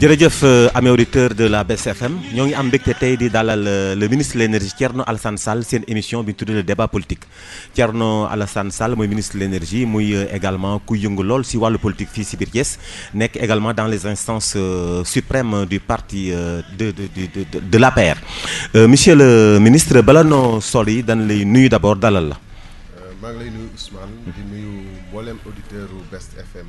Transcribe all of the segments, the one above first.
Directeur amee auditeur de la BCFM nous ngi am mbégte tey di dalal euh, le ministre de l'énergie Tierno Thierno Alassane Sall une émission bi le débat politique Thierno Alassane Sall mooy ministre de l'énergie, moi euh, également ku yëngu lool si wàllu politique fii si biir Thiès également dans les instances euh, suprêmes du parti de de de de monsieur le ministre Balano Soli, dans les dañ lay nuyu d' dalal la. je suis lay nuyu Ousmane. di nuyu auditeur Best FM.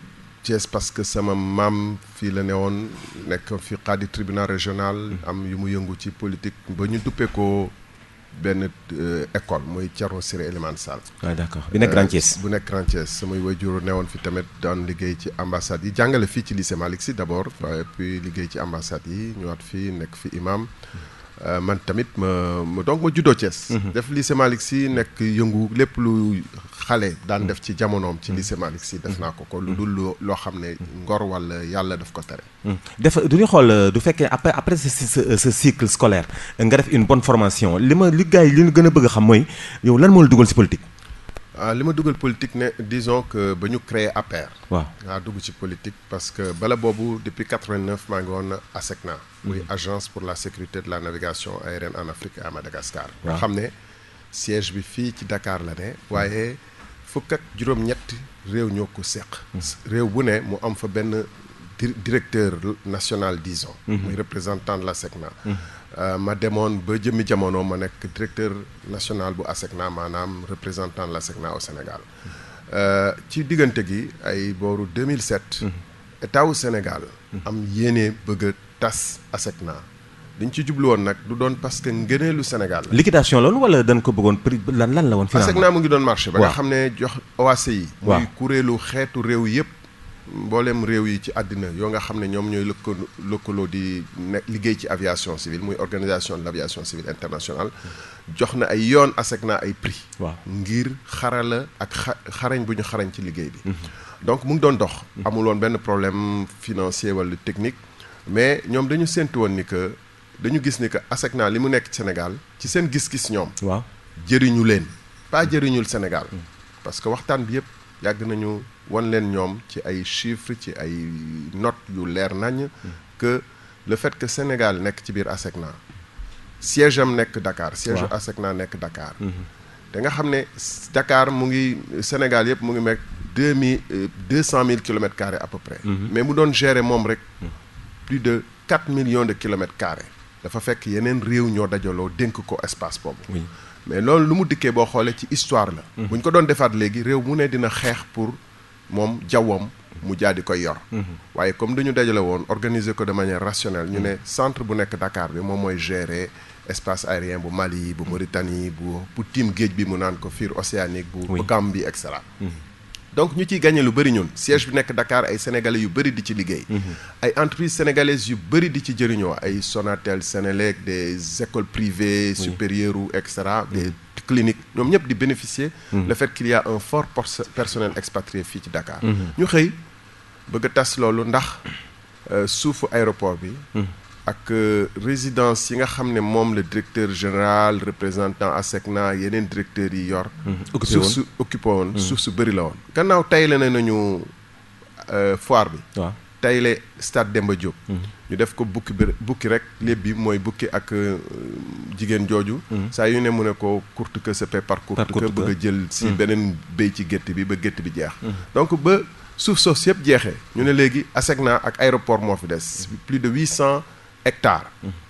Thiès parce que sama maam fii la ne woon nekk fi xaadi tribunal régional mm. am yu mu yëngu ci politique ba ñu duppee ko benn euh, école mooy Thierno Siré Elimane Sall waaw bu nekk Grand Thiès euh, bu nekk Grand Thiès samay wajur ne woon fi tamit daan liggéey ci ambassade yi jàngale fii ci lycée Malick Sy d'abord waaye puis liggéey ci ambassade yi ñëwaat fii nekk fi imam euh, man tamit ma donc ma juddoo Thiès mm-hmm. def lycée Malick Sy nekk yëngu lépp lu xale daan def ci jamonoom ci mm. lycée Malick Sy def mm. naa ko ko lu mm. dul loo xam ne ngor walla yàlla daf ko tere def du ñu xool du fekkee après après ce ce cycle scolaire nga def une bonne formation li ma li gars yi li ñu gën a bëgg xam mooy yow lan moo la dugal ci politique ah li ma dugal politique ne disons que ba ñu créé APR. waaw dugg ci politique parce que bala boobu depuis 89 maa ngi woon ASECNA. muy agence pour la sécurité de la navigation aérienne en Afrique et à Madagascar. nga xam ne siège bi fii ci Dakar la ne waaye. Il faut juróom-ñett réew ñoo ko seq. Mhm. bu ne mu am fa directeur national disons. Mhm. représentant de la Je mhm. euh, ma demoon ba directeur national bu ASECNA maanaam représentant de la au Sénégal. Euh, ci diggante gi ay 2007. l'État au Sénégal. am yéene bëgg tas l'ASECNA liñ ci jublu woon nag du doon parce que ngëneelu Sénégal la. liquidation loolu wala dañ ko bëggoon prix lan lan la woon. finalement naa mu ngi doon marché. ba nga xam ne jox OACI. waaw muy kuréelu xeetu réew yëpp. mbooleem réew yi ci àddina yoo nga xam ne ñoom ñooy lëkkaloo lëkkaloo di ne liggéey ci aviation civile muy organisation de l' aviation civile internationale jox na ay yoon ASECNA ay prix. waaw ngir xarala ak xarañ bu ñu xarañ ci liggéey bi. Mhm. donc mu ngi doon dox. Mhm. amul woon benn problème financier wala technique mais ñoom dañu séntu woon ni que dañu gis ni que ASECNA li mu nekk Sénégal ci seen gis-gis ñoom. waaw jëriñu leen. pas mm. jëriñul Sénégal. Mm. parce que waxtaan bi yëpp yàgg nañu wan leen ñoom ci ay chiffres ci ay note yu leer nañ. Mm. que le fait que Sénégal nekk ci biir ASECNA. siège am nekk Dakar. siège ASECNA nekk Dakar. da mm-hmm. nga xam ne Dakar mu ngi Sénégal yëpp mu ngi mekk deux mille euh, deux mille kilomètres carrés à peu près. Mm-hmm. mais mu doon gérer moom rek. plus de 4 millions de kilomètres carrés dafa fekk yeneen réew ñoo dajaloo dénk ko espace boobu. oui mais loolu lu mu dikkee boo xoolee ci histoire la. Mhm. bu ñu ko doon defaat léegi réew mu ne dina xeex pour moom jawwam mu di koy yor. Mhm. waaye comme dañu dajale woon organiser ko de manière rationnelle ñu mhm. ne centre bu nekk Dakar bi moom mooy gérer espace aérien bu Mali bu Mauritanie bu bu tiim géej bi mu naan ko fiir océanique bu. bu Gambie et cetera donc ñu ci gagné lu bari ñun siège bi à Dakar ay sénégalais yu gagné di ci liggéey. Mhm. ay entreprises sénégalaises yu bari di ci Les ay Sonatel Sénélec des écoles privées. supérieures ou etc. Mhm. des cliniques ñom ñep di bénéficier. Mhm. le fait qu'il y a un fort personnel expatrié ici ci Dakar. ñu xey bëgg tass tas ndax euh, souf aéroport bi ak euh, résidence yi nga xam ne moom le directeur général représentant ASECNA yeneen directeur yi yor. Mhm. suuf su occupé woon mhm. suuf su bëri la woon. gannaaw tey la ne nañu euh, foire bi. waaw tey stade Demba Diop. Mhm. ñu def ko bukki bi bukki rek lépp bi mooy bukki ak euh, jigéen jooju. saa yu ne mu ne ko courte que se paie par courte que bëgg a jël si beneen béy ci gétt bi ba gétt bi jeex. donc ba suuf soos yëpp jeexee. ñu ne léegi ASECNA ak aéroport moo fi des. plus de huit cent hectare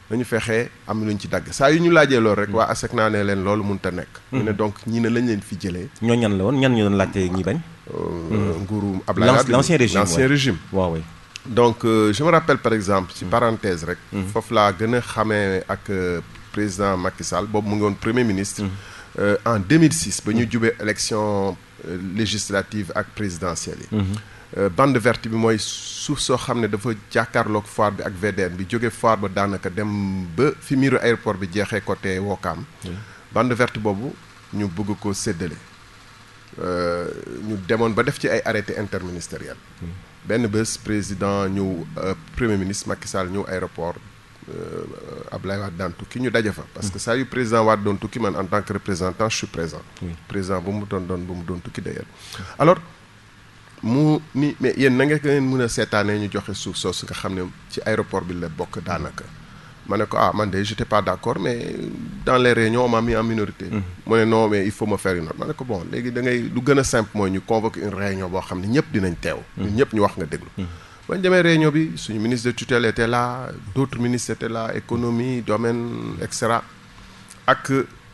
dañu fexe am luñ ci dagg saa yu ñu laajee loolu rek mm. waa asek naa ne leen loolu mënut ta nekk mm. ñu ne donc ñi ne lañ leen fi jëlee ñoo ñan la woon ñan ñu doon laajte ñi bañ euh, mm. nguuru Abdoulaye l'ancien régime l'ancien régime waaw waaw donc euh, je me rappelle par exemple ci parenthèse rek foofu laa gën a xamee ak euh, président Macky Sall boobu mu ngi woon premier ministre euh, en 2006 ba ñu jubee élection législative ak présidentielle yi mm-hmm. Euh, bande verte bi mooy suuf soo xam ne dafa jàkkaarloog foire bi ak VDN bi jóge foire ba daanaka dem ba fi miiru aéroport bi jeexee côté Wokam bande verte boobu ñu bëgg ko séddale euh, ñu demoon ba def ci ay arrêté interministériel benn bés président ñëw euh, premier ministre Macky Sall ñëw aéroport Ablaye Wade daan tukki ñu daje fa. parce que mm. saa yu président Wade doon tukki man en tant que représentant je suis présent. président bu mu doon doon bu mu doon tukki d'ailleurs alors mu ni mais yéen na nga leen mën a seetaanee ñu joxe suuf soosu nga xam ne ci aéroport bi la bokk daanaka ma ne ko ah man de j'étais pas d'accord mais dans les réunions on m'a mis en minorité mm-hmm. mu ne non mais il faut me faire une autre ma ne ko bon léegi da ngay lu gën a simple mooy ñu convoquer une réunion boo xam ne ñëpp dinañ teew mm-hmm. ñun ñëpp ñu wax nga déglu mm-hmm. bañ demee réunion bi suñu ministre de tutelle était là d'autres ministres étaient là économie domaine et cetera ak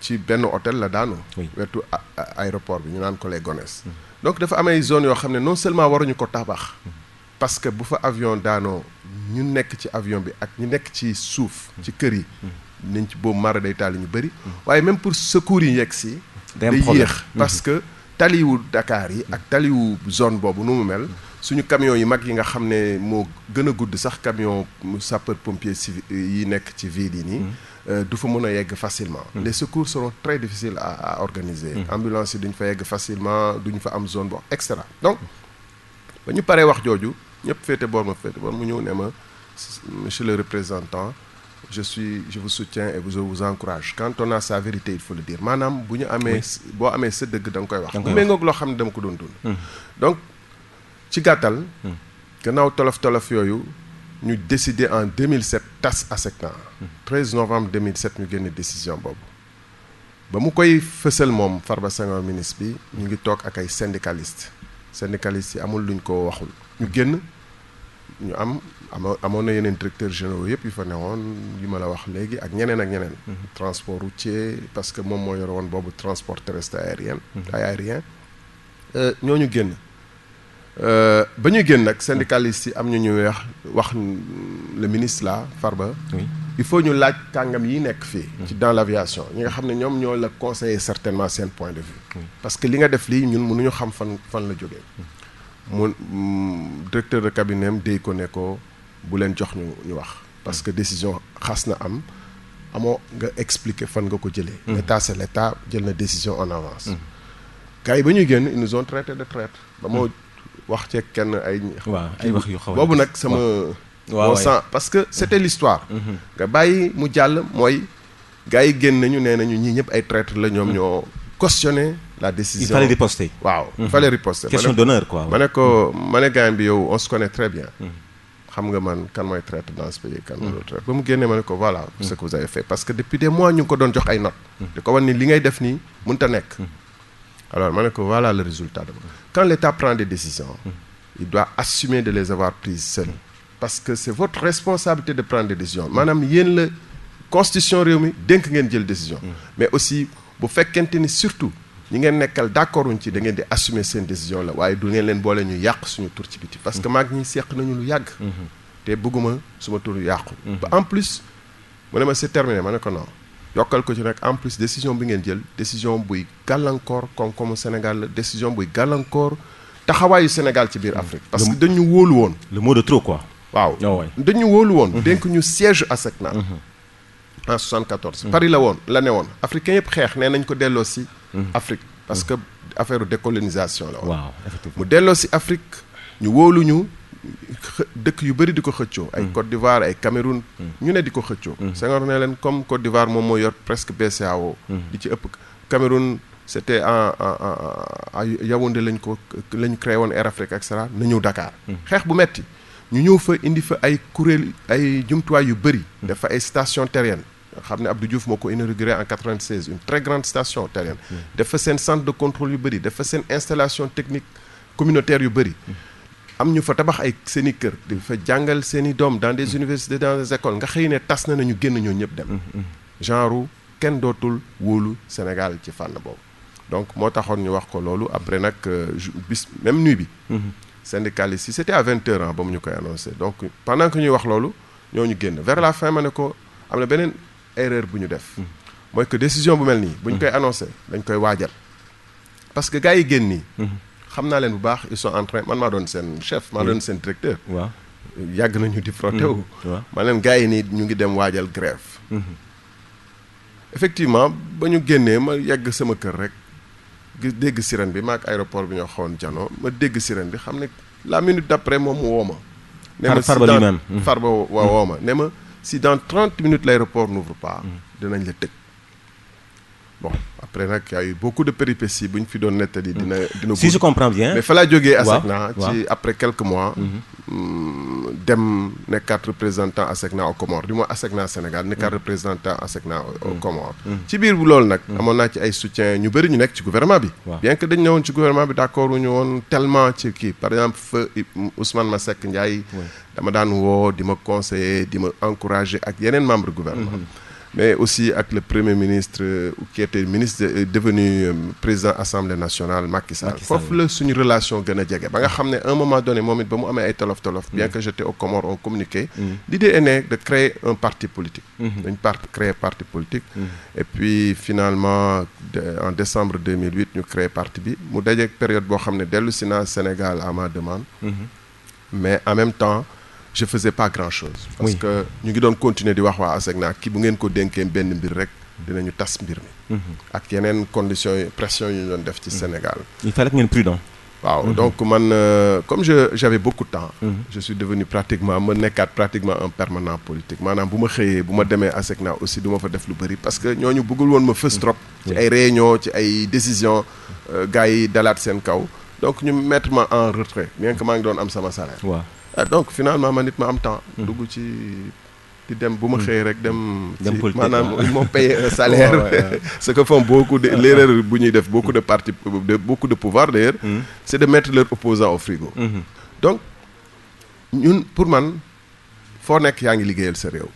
ci benn hôtel la daanu wetu aéroport bi ñu naan ko les Gones donc dafa am ay zone yoo xam ne non seulement waruñu ko tabax parce que bu fa avion daanoo ñu nekk ci avion bi ak ñu nekk ci suuf ci kër yi nañ ci boobu mara day tali ñu bëri waaye même pour secours yi yegg si day yéex mhm. parce que taliwu Dakar yi ak taliwu zone boobu nu mu mel suñu camion yi mag yi nga xam ne moo gën a gudd sax camion sapeur pompier yi nekk ci ville yi nii mhm. Euh, du fa mën yegg facilement. Hmm. les secours seront très difficiles à, à organiser. Hmm. ambulance yi duñ fa yegg facilement duñ fa am zone boo donc ba ñu paree wax jooju ñëpp féete boor ma féete boor mu monsieur le représentant je suis je vous soutiens et vous je vous encourage quand on a sa vérité il faut le dire Manam, bu ñu amee boo amee sa dëgg koy wax. dama ko hmm. donc ci gàttal. gannaaw tolof tolof yooyu ñu décidé en 2007 tas ans. 13 novem 2007, nou gen ne desisyon bo. Ba mou kwe fese l mom far basan an menisbi, nou gen tok akay sendikalist. Sendikalist, amoun loun ko wakoun. Nou gen, amoun yon en direktor jenou yop, yon fane yon, yon mal wakoun lege, ag nyenen, ag nyenen. Mhm. Transport routier, paske moun moun yon wakoun bo, transport terrestre aeryen, mhm. aeryen. Nou, euh, nou gen, nou gen, Euh, ba ñuy génn nag syndicalistes yi am ñu ñu wax wax le ministre là Farba. oui il faut ñu laaj kàngam yi nekk fii. Mm. ci dans l' aviation ñi nga xam ne ñoom ñoo la conseiller certainement seen point de vue. parce que li nga def lii ñun mënuñu xam fan fan la jógee. Mm. mu mm, directeur de cabinet am déy ko ne ko bu leen jox ñu ñu wax. parce que décision xas na am amoo nga expliquer fan nga ko jëlee. état c' est l' état jël na décision en avance. gars yi ba ñuy génn ils nous ont traité de traite. ba moo wax ceeg kenn ay. ay wax yu xaw boobu nag sama. waaw parce que c'était l'histoire mm-hmm. nga bàyyi mu jàll mooy. gars yi génn nañu nee nañu ñii ñëpp ay traître la ñoom mm-hmm. ñoo questionner la décision mm-hmm. il fallait riposter waaw il fallait riposter question d'honneur quoi ma ne ko ma ne gars bi yow on se connaît très bien xam nga man kan mooy traître dans ce pays kan mooy traître ba mu génnee ma ne ko voilà ce que vous avez fait parce que depuis des mois ñu ngi ko doon jox ay notes di ko wan ni li ngay def nii mënta nekk alors, voilà le résultat. Quand l'État prend des décisions, il doit assumer de les avoir prises seul. Parce que c'est votre responsabilité de prendre des décisions. Madame, il y a une constitution réunie, dès que vous avez décision. Mais aussi, vous faites qu'un surtout. ñi ngeen d'accord pour assumer ces décisions la waaye du ngeen leen boole ñu yàq suñu tur ci biti parce que maag ñi nous nañu lu yàgg mhm. te bëgguma suma mhm. en plus c'est terminé Maintenant, non ko ci en plus décision bi ngeen jël décision buy gàllankoor comme au Sénégal la décision buy gàllankoor taxawaayu Sénégal ci biir Afrique. parce que dañu wóolu woon. le mot de trop quoi. waaw oh, dañu wóolu mm-hmm. ñu siège à mm-hmm. en 74. Mm-hmm. Paris la one, la ne africain yëpp xeex nee nañ ko delloo si. Afrique parce que affaire décolonisation la effectivement mu Afrique ñu ñu dëkk yu bëri di ko xëccoo. ay mm. Côte d'Ivoire ay Cameroun. Mm. ñu ne di ko xëccoo. Mm. Senghor ne leen comme Côte d'Ivoire moom moo yor presque bcao di ci ëpp Cameroun c' était en en Yaoundé lañ ko lañ créé woon Air Afrique et cetera na ñëw Dakar. xeex bu metti ñu ñëw fa indi fa ay kuréel ay jumtuwaay yu bëri. def fa ay station terrienne. xam ne Abdou Diouf moo ko inauguré en 96 une très grande station terrienne. def fa seen centre de contrôle yu bëri def fa installation technique communautaire yu bëri am ñu fa tabax ay seen i kër di fa jàngal seen doom dans des mm. universités dans des écoles nga xëy ne tas na nañu génn ñoo ñëpp dem mm-hmm. genre kenn dootul wóolu Sénégal ci fànn boobu donc moo taxoon ñu wax ko loolu après nag euh, bis même nuit bi mm-hmm. si c'était à vingt heures ah ba mu ñu koy annoncé donc pendant que ñuy wax loolu ñoo ñu génn vers la fin ma ne ko am na beneen erreur bu ñu def mm. mooy que décision bu mel nii bu ñu mm. koy annoncé dañ koy waajal parce que gars yi génn nii mm-hmm xam naa bu baax ils sont en train man ma don sen chef maa don sen directeur wa yag nañu di frotté wu mm-hmm. ma leen gars yi ñu ngi dem wajal grève mm-hmm. effectivement bañu génné ma yag sama kër rek dégg sirène bi maak aéroport bi ñoo xawon jano ma dégg sirène bi xamné la minute d'après mom woo néma ne ma farba li farba waa mm-hmm. woo ma si dans 30 minutes l'aéroport n'ouvre pas dinañ la tekk bon après il y a eu beaucoup de péripéties une fille fi doon netali dina mm. dina si je comprends bien. mais il fallait à ci après quelques mois. Mm-hmm. Mm, dem quatre représentant représentants au Comores du moins au Sénégal quatre mm. représentant ASECNA aux Comores. ci Comor. bu vous voulez, il y ci ay soutien ñu ñu nek ci gouvernement bi. bien que dañ ñewon ci gouvernement bi d'accord ñu tellement ci par exemple Ousmane Masseck Ndiaye. dama daan wo dima conseiller dima encourager ak yenen membre gouvernement. Mm-hmm mais aussi avec le Premier ministre euh, qui était ministre euh, devenu euh, président Assemblée nationale Macky Sall ce soit une relation gëna a ba nga xamné un moment donné momit ba mu ay tolof tolof bien mm. que j'étais au comore on communiquait mm. l'idée est de créer un parti politique mm-hmm. une part créer parti politique mm. et puis finalement en décembre 2008 nous créé parti bi mu une période où, xamné ne Sénégal à ma demande mm-hmm. mais en même temps je faisais pas grand chose parce que ñu ngi doon continuer di wax waa ASECNA ki bu ngeen ko dénkee benn mbir rek dinañu tas mbir mi mhm. ak yeneen conditions yi pression yu ñu doon def ci mhm. Sénégal il fallait que ngeen prudent waaw mm donc man euh, comme je j'avais beaucoup de temps mhm. je suis devenu pratiquement ma nekkaat pratiquement un permanent politique maanaam bu ma xëyee bu à demee ASECNA aussi ne ma fa def lu bëri parce que ñooñu bëggul woon ma fës trop ci ay réunion ci ay décisions euh, gars yi dalaat donc ñu mettre ma en retrait bien que maa ngi doon am sama salaire waaw ah, donc finalement man nit ma am temps. Hmm. dugg ci di dem bu ma hmm. rek un salaire. ce que font beaucoup de l'erreur beaucoup de parti de beaucoup de pouvoir hmm. c'est de mettre leur opposant au frigo. donc ñun pour man foo nekk yaa ngi liggéeyal sa réew.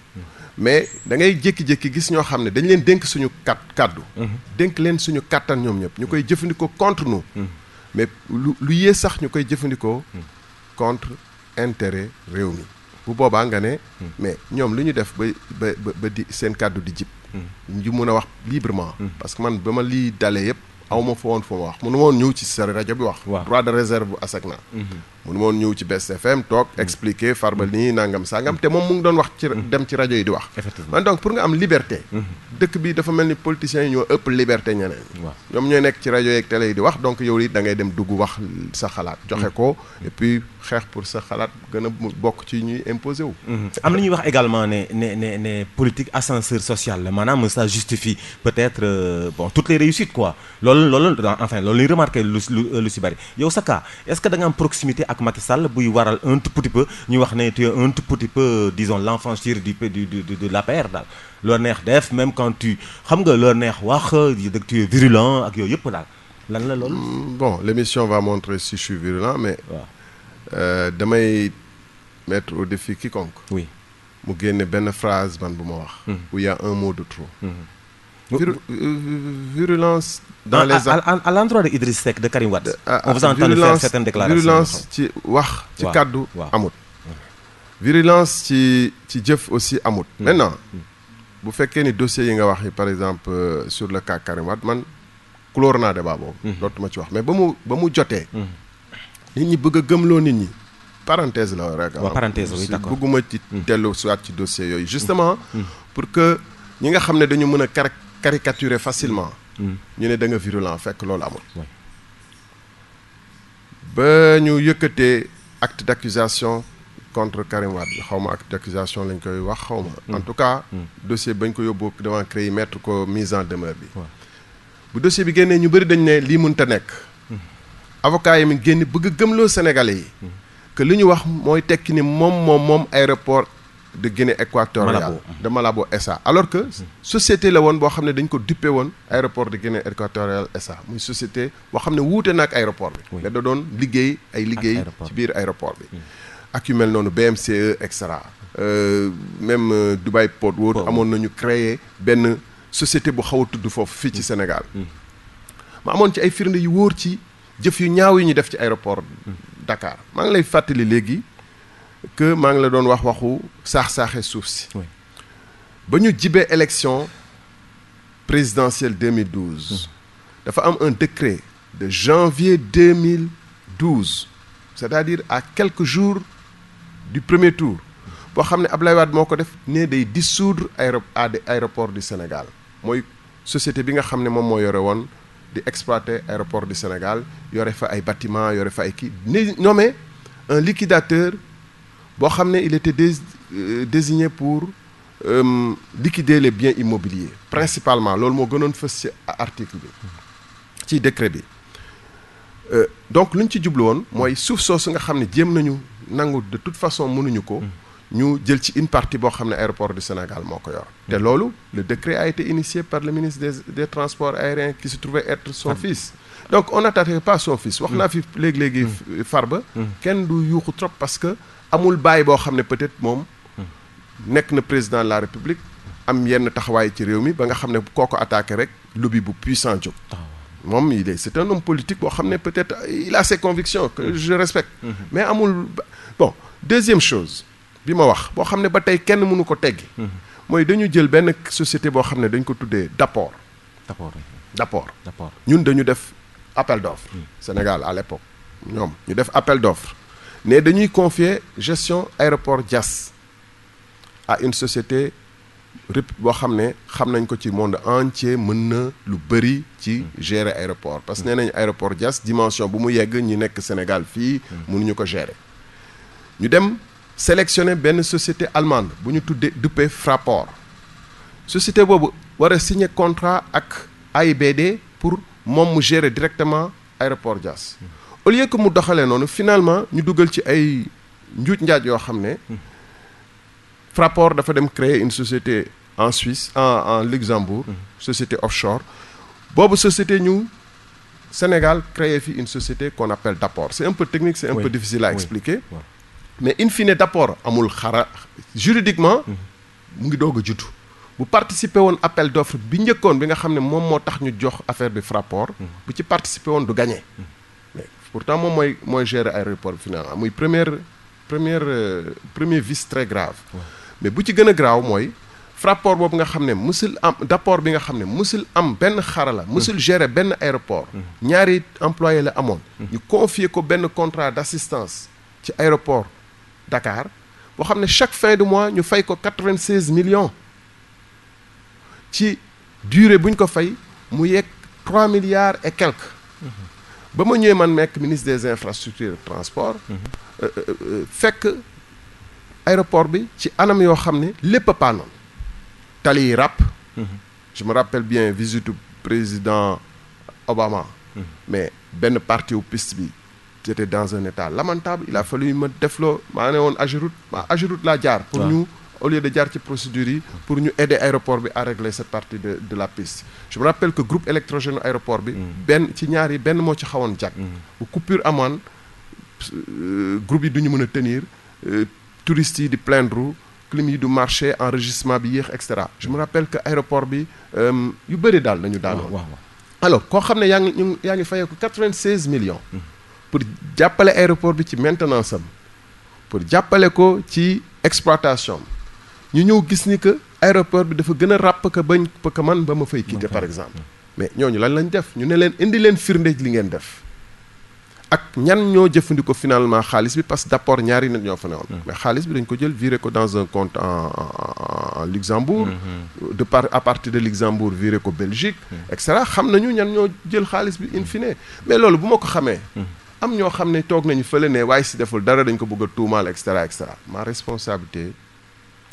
mais da ngay jékki-jékki gis ñoo xam ne dañ leen dénk suñu kat dénk leen suñu ñoom contre nous mais lu lu sax ñu contre intérêt réew mi bu boobaa nga ne hmm. mais ñoom li ñu def ba ba ba di seen kàddu di jib hmm. ñu mun a wax librement hmm. parce que man ba ma lii dalee yëpp aw ma fa woon fa ma wax mënu ma woon ñëw ci sa rajo bi wax droit de réserve bu ASECNA mënu moon ñëw ci Best FM tok expliquer farbal ni nangam sangam te mom mu ngi doon wax ci mm-hmm. dem ci radio yi di wax donc pour nga am liberté mm-hmm. dëkk bi dafa melni politiciens ñoo ëpp liberté ñeneen Yom ñoy nekk ci yi ak télé yi di wax donc yow li da ngay dem dugg wax sa xalaat joxe mm-hmm. ko et puis xeex pour sa xalaat gëna bok ci ñuy imposé wu am na ñuy wax également ne ne ne né politique ascenseur social la maanaam ça justifie peut-être euh, bon toutes les réussites quoi loolu loolu enfin loolu luy remarquer lu lu ci bari yow sa est-ce que da nga am proximité ak Macky Sall voir waral un tout petit peu ñu wax tu un tout petit peu disons lenfant du du du de la perte, lo neex def même quand tu xam nga lo neex wax tu es virulent ak lan la mm, bon l'émission va montrer si je suis virulent mais. demain euh, damay mettre au défi quiconque. oui mu une ben phrase man buma mm. où il y a un mot de trop. Mm-hmm. Euh, virulence dans les. À, à, l'endroit de Idriss Seck de Karim Wade. on vous a entendu faire certaines déclarations. virulence ci wax ci kàddu. amout. virulence ci ci jëf aussi amout. Hmm. maintenant hmm. bu fekkee ni dossiers yi nga wax par exemple euh, sur le cas Karim Wade man clore naa débat boobu. Hmm. dootuma ci wax mais ba mu ba mu jotee. nit ñi bëgg a gëmloo nit ñi. parenthèse la rek. waaw parenthèse oui d'accord bëgguma ci dellu soit ci dossier yooyu. justement pour que ñi nga xam ne dañu mën a caricaturer facilement. Mm. Mm. ñu ne da nga virulent fekk loolu amul. ba ñu yëkkatee acte d'accusation contre Karim Wade xaw acte d'accusation lañ koy wax xaw mm. en tout cas. dossier bañ ko yóbbu devant CREI mettre ko mise en demeure bi. bu dossier bi génnee ñu bëri dañ ne lii mënta nekk. avocat yi mi génn bëgg gëmloo Sénégalais yi. que li ñu wax mooy tekki ni mom moom aéroport de Guinée équatoriale Malabo. de Malabo SA alors que société la woon boo xam dañ ko duppe won aéroport de Guinée équatoriale SA muy société bo xamné wouté nak aéroport bi da doon liggéey ay liggéey ci biir aéroport bi ak yu mel noonu BMCE etc euh, même euh, Dubai Port World amoon nañu créer ben société bu xaw a tudd foofu fii ci Sénégal ma amoon ci ay firnde yu wóor ci jëf yu ñaaw yu ñu def ci aéroport Dakar maa ngi lay fàttali léegi que maa la ses wax waxu sax saxé soufsi quand ba élection présidentielle 2012 hum. dafa am un décret de janvier 2012 c'est-à-dire à quelques jours du premier tour pour xamné Ablaye Wade def ne day dissoudre à aéroport du Sénégal la société bi nga xamné mom mo yoré won di exploiter aéroport du Sénégal yoré fa ay bâtiments yoré fa ay kii nommé un liquidateur il était euh, désigné pour euh, liquider les biens immobiliers principalement c'est ce qu'il a ci article bi ci décret Euh, donc ce qui ci jublu woon mooy suuf soosu nga xam de toute façon nous ko ñu jël une partie de l'aéroport du Sénégal Et yor le décret a été initié par le ministre des des transports aériens qui se trouvait être son fils donc on n'attaquait pas son fils wax naa fi léegi-léegi mm. Farba mm. kenn du yuuxu trop parce que amul bay bo xam ne peut-être mom nek na président de la république am yenn taxaway ci réew mi ba nga xam ne attaquer rek lobby bu puissant jóg ah moom il est c'est un homme politique bo xam ne peut-être il a ses convictions que je respecte mm-hmm. mais amul bon deuxième chose bi ma wax bo xam ne ba tay kenn mënu ko teggi moy mm-hmm. dañu jël ben société bo xam ne dañ ko tuddé d'apport d'apport d'apport ñun dañu def appel d'offre mm. Sénégal à l'époque ñom ñu def appel d'offre avons dañuy confier gestion aéroport Dias à une société qui boo xam ne xam nañ monde entier mën na lu bëri ci gérer aéroport parce que nee JAS aéroport une dimension bu mu yegg ñu nekk Sénégal fii mënuñu ko gérer ñu dem sélectionner société allemande bu ñu tuddee duppee Fraport société boobu war a signer contrat avec AIBD pour moom mu gérer directement aéroport JAS au lieu que mu doxale non finalement ñu dugal ci ay njuuj njaaj yoo xam ne hmm. dafa dem créer une société en Suisse en en Luxembourg hmm. société offshore boobu société ñu Sénégal créé fi une société qu'on appelle Dapor c'est un peu technique c'est un peu difficile à expliquer mais in fine d'apport amul xara juridiquement hmm. mu ngi doog a bu participer appel d'offre bi njëkkoon bi nga xam ne moom moo tax ñu jox affaire de frapport bu ci participer woon du gagner pourtant moi, je gère l'aéroport. finalement première euh, premier vice très grave mais bu ci grave grave, nga d'apport bi nga am mm. aéroport mm. employé la mm. ñu confier ko contrat d'assistance ci aéroport Dakar chaque fin de mois ñu fay ko quatre millions ci durée milliards et quelques mm-hmm. Si je suis ministre des infrastructures et transport mhm. euh, euh, euh, fekk aéroport bi ci anam yoo xam ne pas non non. tali rap. Mhm. je me rappelle bien visite président Obama mhm. mais ben parti au piste bi c'était dans un état lamentable il a fallu me defloo maa ne Ageroute Ageroute pour nous au lieu de faire ci procédure pour nous aider l'aéroport à régler cette partie de la piste je me rappelle que le groupe électrogène aéroport bi fait mm-hmm. ci choses qui ont ci mm-hmm. coupure euh, groupe de tenir euh, touristes de di roue, clim du marché enregistrement bi etc. je me rappelle que l'aéroport a fait des alors faites. Alors, ne yaa 96 millions mm-hmm. pour appeler l'aéroport bi maintenance pour appeler ko ñu ñëw gis ni que aéroport bi dafa gën a ràpp que bañ que man ba ma fay quitter par exemple mais ñooñu lan lañ def ñu ne leen indi leen firnde li ngeen def ak ñan ñoo jëfandiko finalement xaalis bi parce que d'abord ñaari nit ñoo fa newoon hmm. mais xaalis bi dañ ko jël viré ko dans un compte en en Luxembourg hmm. de par à partir de Luxembourg viré ko Belgique hmm. et cetera xam nañu ñan ñoo jël xaalis bi in fine mais loolu bu ma ko xamee am ñoo xam ne toog nañu fële ne waaye si deful dara dañ ko bëgg a tuumaal et cetera et cetera ma responsabilité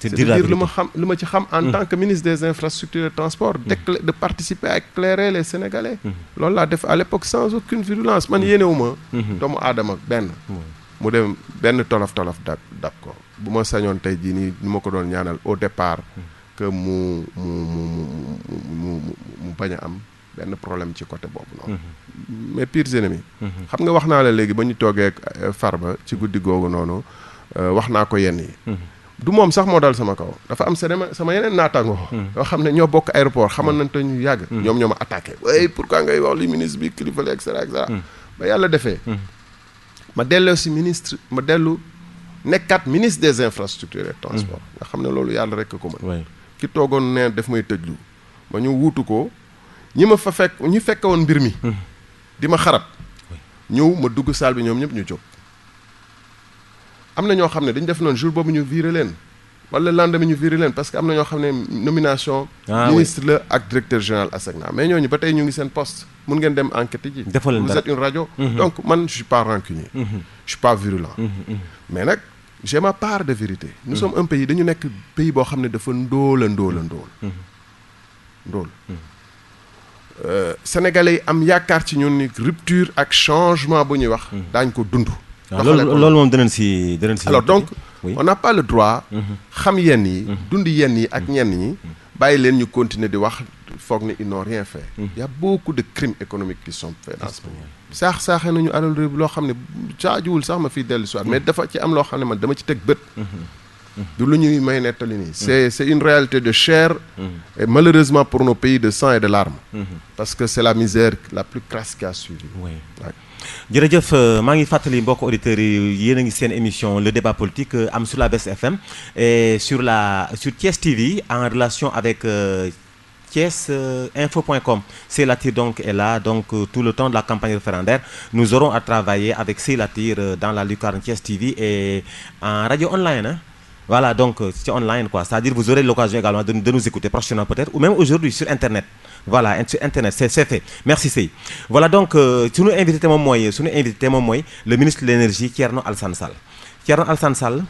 c'est-à-dire lu ma xam lu ma ci xam en hum. tant que ministre des infrastructures et transports hum. de participer à éclairer les sénégalais hum. loolu laa def à l'époque sans aucune virulence man yéenewuma doomu aadama benn mu dem benn tolof tolof dab dab ko bu ma sañoon tey jii nii ni ma ko doon ñaanal au départ que mu mu mu mu mu bañ a am benn problème ci côté boobu noonu mais pires ennemi xam nga wax naa la léegi ba ñu toogee euh, farba ci guddi googu noonu euh, wax naa ko yenn yi du moom sax moo dal sama kaw dafa am sama sama yeneen naataango. Hmm. yoo xam ne ñoo bokk aéroport xamal nañ te ñu yàgg. Hmm. ñoom ñoo ma attaqué. waaye pourquoi ngay wax li ministre bi kilifa la et cetera et hmm. ba yàlla defee. ma delloo si ministre ma dellu nekkaat ministre des infrastructures et transport. nga xam ne loolu yàlla rek ko mën. ki toogoon nee daf may tëj tëjlu ma ñu wuutu ko ñi ma fa fekk ñu fekke woon mbir mi. di ma xarab. ñëw ma dugg saal bi ñoom ñëpp ñu jóg. am na ñoo xam ne dañu def noonu jour boobu ñu viré leen wala lendemain ñu viré leen parce que am na ñoo xam ne nomination. Ah ministre la ak directeur général ASECNA mais ñooñu ba tey ñu ngi seen poste mun ngeen dem enquête yi. defal leen dara vous êtes une radio. Mhm. donc man je suis pas rancunier. Mhm. je suis pas virulent. Mhm, mais nag j'ai ma part de vérité. nous sommes un pays dañu nekk pays boo xam ne dafa ndóol a ndóol a ndóol. ndóol. Euh, sénégalais yi am yaakaar ci ñun ni rupture ak changement bu ñuy wax. daañ ko dund alors donc on n'a pas le droit mhm. xam yenn yi mhm. dund yenn yi ak mhm. ñenn yi bàyyi leen ñu continuer di wax foog ne ils n'ont rien fait il y a beaucoup de crimes économiques qui sont faits dans ce pays saax saaxee nañu alal réew loo xam ne caajuwul sax ma fiy dellu si mais dafa ci am loo xam ne man dama ci teg bët du lu ñuy may nettali nii c'est c'est une réalité de chair et malheureusement pour nos pays de sang et de larmes parce que c'est la misère la plus crasse qui a suivi jërëjëf euh, maa ngi fàttali mbokk auditeurs yi yéen émission le débat politique euh, am sur la BES FM et sur la sur Thiès TV en relation avec euh, Thièsinfo.com. C'est Latir donc est là, donc tout le temps de la campagne référendaire. Nous aurons à travailler avec C'est dans la lucarne Thiès TV et en radio online. Hein. Voilà, donc euh, c'est online, quoi. C'est-à-dire vous aurez l'occasion également de, de, nous écouter prochainement peut-être, ou même aujourd'hui sur Internet. Voilà, sur Internet, c'est fait. Merci, c'est. Voilà, donc, euh, si nous invitons moyen, si nous mon moyen, le ministre de l'Énergie, Kierno Al-Sansal. Kierno Al-Sansal,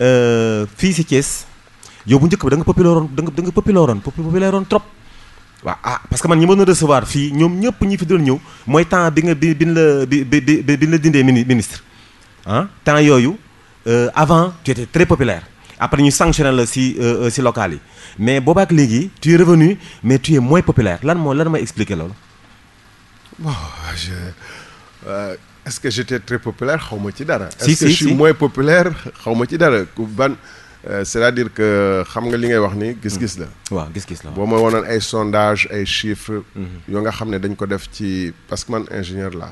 euh, fille, c'est Thiès. yow bu njëkk bi da nga populaire da nga trop waaw ah parce que man ñi mën recevoir fi ñom ñëpp ñi fi doon ñëw moy temps bi nga bi bi la bi bi bi la dindee ministre hein temps yoyu euh, avant tu étais très populaire après ñu sanctionné le si euh, euh, si local mais Bobak léegi tu es revenu mais tu es moins populaire lan moi lan ma expliquer là. bon euh, est-ce que j'étais très populaire xaw ci dara. si si si est-ce que je suis moins populaire xaw ci dara c'est-à-dire que xam nga li ngay wax ni c'est ce la. Mmh. waaw gis-gis la boo ay sondage ay chiffres. Mmh. yoo nga xam ne dañ ko def ci parce ingénieur là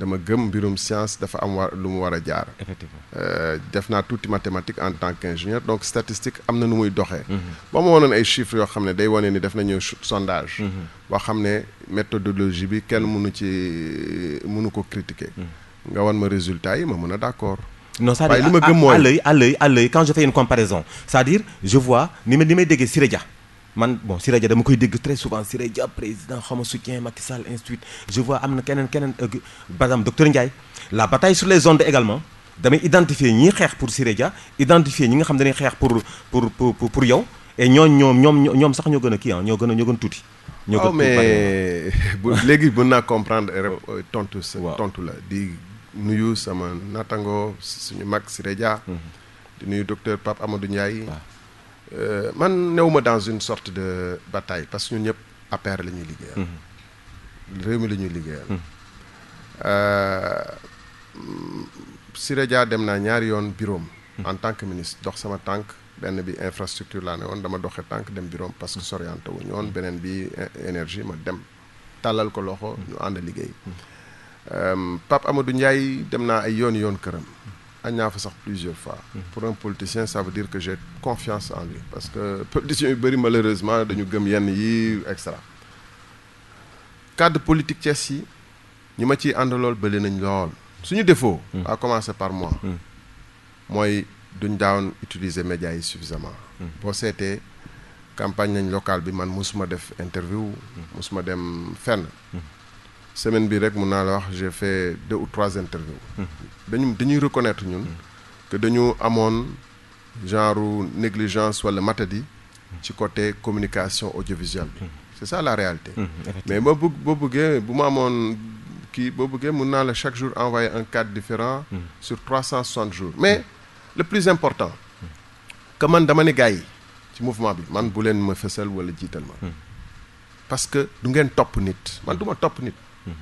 dama gëm mbirum science dafa am war lu mu war a jaar. Euh, def naa tuuti mathématique en tant qu'ingénieur donc statistique am na nu muy doxee. Mhm. ba ma woonoon ay chiffres yoo xam ne day wane ni def nañu sondage. Mhm. boo xam ne méthodologie bi kenn mënu ci mënu ko critiquer. Mhm. nga wan ma résultat yi ma mën a d'accord. non ça. à dire à quand je fais une comparaison c'est-à-dire je vois ni ma ni may déggee man bon très souvent président xama soutien Macky je vois le Kenen euh, docteur Ndiaye la bataille sur les ondes également dama identifier pour identifier ñi nga xam pour pour pour pour et ñoo ñom ñom ñom sax ñoo ah, oh, mais comprendre euh, oh. euh, tontu tontu la di nuyu sama natango suñu mm-hmm. docteur Amadou Ndiaye. Euh, man newuma dans une sorte de bataille parce que ñun ñëpp APR la ñuy liggéeyal. Mm-hmm. réew mi la ñuy liggéeyal. Mm-hmm. Euh, Siré Dia dem naa ñaari yoon bureau mm-hmm. en tant que ministre dox sama tànk benn bi infrastructure laa ne woon dama doxee tànk dem bureau parce que soriante wu ñoon beneen bi e, énergie ma dem tàllal ko loxo ñu ànd liggéey euh, Pape Amadou Ndiaye dem naa ay yoon yoon këram xañ plusieurs fois. pour un politicien ça veut dire que j'ai confiance en lui parce que politiciens malheureusement dañu gëm yenn yi et cadre politique Thiès yi nous ma ciy àndalool bëri nañ ce suñu défaut. Hmm. à commencer par moi. n'ai hmm. duñ utilisé les médias suffisamment. pour hmm. cette campagne locale bi man des def interview. mosuma dem fenn semaine bi rek j'ai fait deux ou trois interviews. Nous hmm. devons reconnaître nous hmm. que dañu amoon genre négligence le matadi. Hmm. ci côté communication audiovisuelle c'est ça la réalité. mais boo bëgg boo bëggee bu chaque jour envoyer un cadre différent sur 360 jours mais le plus important. que man dama ne gars ci mouvement bi man bu leen ma ou wala jiital parce que du ngeen top nit man du nit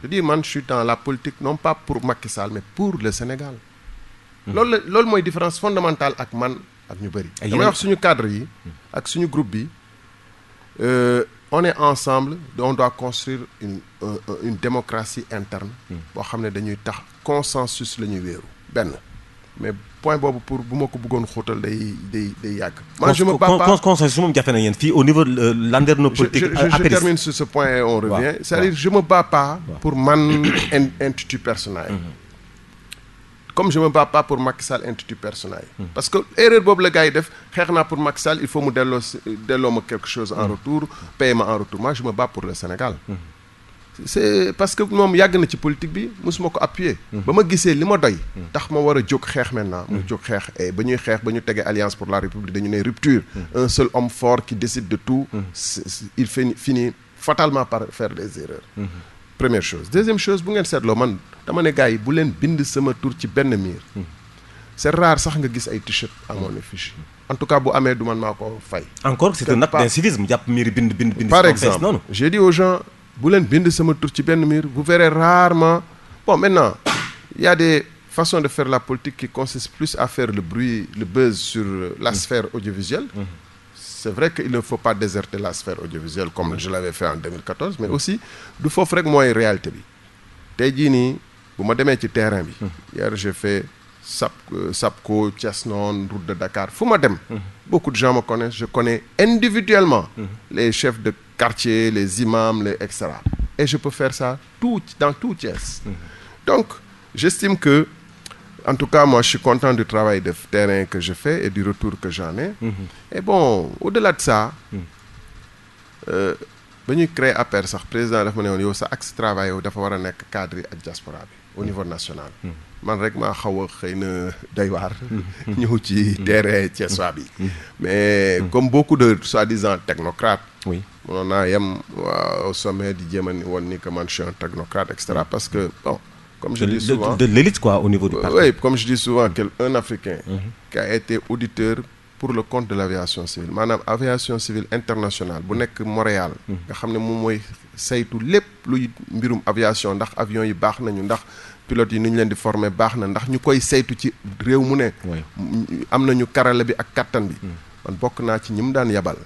je dis man je suis dans la politique non pas pour Macky Sall mais pour le Sénégal. C'est la différence fondamentale avec man ak ñu bëri. damay wax cadre yi. ak suñu groupe bi euh, on est ensemble on doit construire une euh, euh, une démocratie interne. pour hmm. xam ne dañuy tax consensus le ñuy Ben mais point pour bu ma ko bëggoon day day day des man je me bats pas consensus moom jafe na yéen fi au niveau euh, politique. je termine sur ce point et on revient. Je c'est-à-dire je me bats pas. pour man institut personnel. Mm-hmm. comme je ne me bats pas pour Macky Sall personnel. Mm. parce que erreur Bob le gars def xeex pour Macky Sall il faut me donner quelque chose en mm. retour paye en retour moi je me bats pour le Sénégal. Mm c'est parce que moom yàgg na ci politique bi mosuma ko appuyer. Mm-hmm. ba ma gisee li ma doy. Mm-hmm. tax ma war a jóg xeex maintenant. mu mm-hmm. jóg xeex et ba ñuy xeex ba ñu alliance pour la république dañu ne rupture. un seul homme fort qui décide de tout. il finit fatalement par faire des erreurs. première chose deuxième chose bu ngeen seetloo man dama ne gars yi bu leen bind sama tour ci benn miir. c'est rare sax nga gis ay t-shirt à mon fiche en tout cas bu amee du man maa ko fay. encore c'est un acte d'incivisme jàpp miir bind bind bind. par exemple j'ai dit aux gens vous verrez rarement bon maintenant il y a des façons de faire la politique qui consistent plus à faire le bruit le buzz sur euh, la mm. sphère audiovisuelle mm. c'est vrai qu'il ne faut pas déserter la sphère audiovisuelle comme je l'avais fait en 2014 mais aussi il faut faire que réalité bi vous jii nii bu ci terrain bi mm. hier j'ai fait euh, Sapco Tiasnon, route de Dakar beaucoup de gens me connaissent je connais individuellement les chefs de quartiers, les imams, les, etc. Et je peux faire ça tout, dans tout mhm. Donc, j'estime que, en tout cas, moi, je suis content du travail de terrain que je fais et du retour que j'en ai. Mhm. Et bon, au-delà de ça, venu mhm. créer à ben créé sax président de la ne woon axe travail yow dafa cadre diaspora au niveau national man rek ma xaw xeyna day war doy ci terrain mais comme beaucoup de soi-disant technocrates oui on naa yem au sommet di jéem ni woon ni que man je suis un technocrate et cetera parce que bon. comme je dis souvent de, l'élite quoi au niveau du parti. Oui, comme je dis souvent quel un Africain. Mhm. qui a été auditeur pour le compte de l'aviation civile maanaam aviation civile internationale bu nekk Montréal. Mhm. nga xam ne moom mooy saytu lépp luy mbirum aviation ndax avion yi baax nañu ndax. pilote yi ni ñu leen di former baax na ndax ñu koy saytu ci réew mu ne. am nañu karale bi ak kattan bi. Mhm. man bokk naa ci ñi mu daan yabal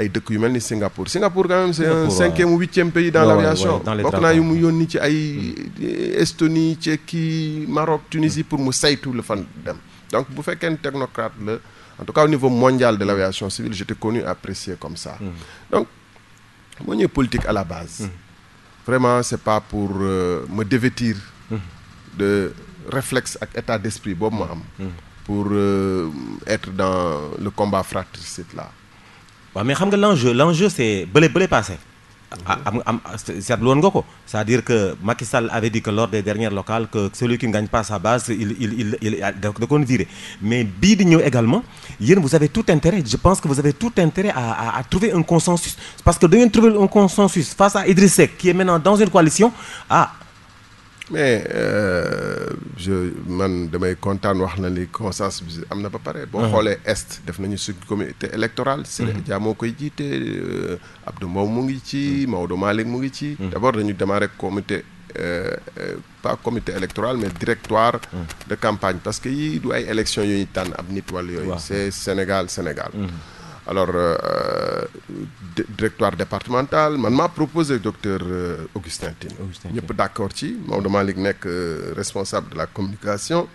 ay dëkk yu mel Singapour Singapour quand même c'est un cinquième ou huitième pays dans l'aviation Donc naa yu mu yónni ci ay Estonie Tchéquie Maroc Tunisie pour mu saytu tout fan dem donc bu fekkee technocrate en tout cas au niveau mondial de l'aviation civile j'étais connu apprécié comme ça mm. donc mon ñëw politique à la base mm. vraiment c'est pas pour euh, me dévêtir mm. de réflexe et état d'esprit ma pour euh, être dans le combat fratricide là mais l'enjeu l'enjeu que C'est C'est passé. Ah, à dire que Macky avait dit que lors des dernières locales que celui qui ne gagne pas sa base il il il il nous mais Bidigno également vous avez tout intérêt je pense que vous avez tout intérêt à trouver un consensus parce que de trouver un consensus face à Idrissek, qui est maintenant dans une coalition ah mais euh, je man damay content wax na ni conscience bi am ba paré bo uh-huh. xolé est def nañu comité électoral. c'est uh-huh. Dia moo koy jiite euh, Abdou Mbow mu ngi ci uh-huh. Maodo malik mu ngi ci. dañu démarrer comité euh, pas comité électoral mais directoire. de campagne parce que yi du ay élection yu ñu ab nit yoy Sénégal Sénégal alors euh, directoire départemental Maintenant, proposé docteur euh, Augustin Tine Je suis d'accord ci Maodo euh, responsable de la communication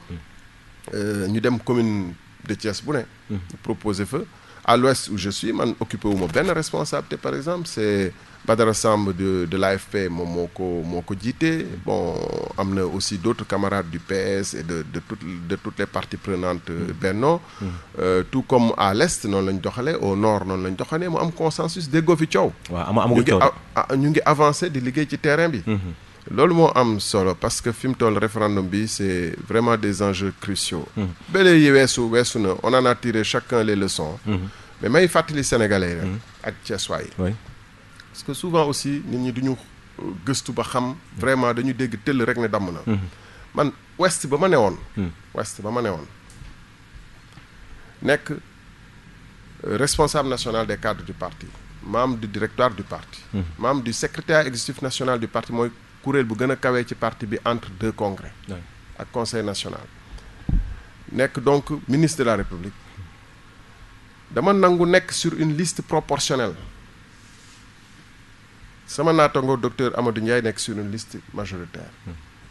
Nous mm. dem commune de Thiès bu mm. à l'ouest où je suis suis occupé de ma responsable responsabilité par exemple c'est Badara Samb de de l'AFP mon moo ko bon aussi d'autres camarades du PS et de de toutes de toutes les parties prenantes euh, mm-hmm. Benno mm-hmm. Euh, tout comme à l'est au nord non la ñu consensus de fi nous avons avancé di le ci terrain bi. que mm-hmm. solo parce que le référendum c'est vraiment des enjeux cruciaux. on en a tiré chacun les leçons. mais may les sénégalais rek. ak parce que souvent aussi nous ñi duñu euh, gëstu ba xam vraiment dañu dégg tëll rek ne damm mhm. man ouest ba ma newoon mhm. ouest ba euh, responsable national des cadres du parti membre du directoire du parti mhm. membre du secrétaire exécutif national du parti mooy kuréel bu gën a kawee ci parti bi entre deux congrès ak conseil national nekk donc ministre de la république dama nangu nekk sur une liste proportionnelle sama naataango docteur Amadou Ndiaye nekk sur une liste majoritaire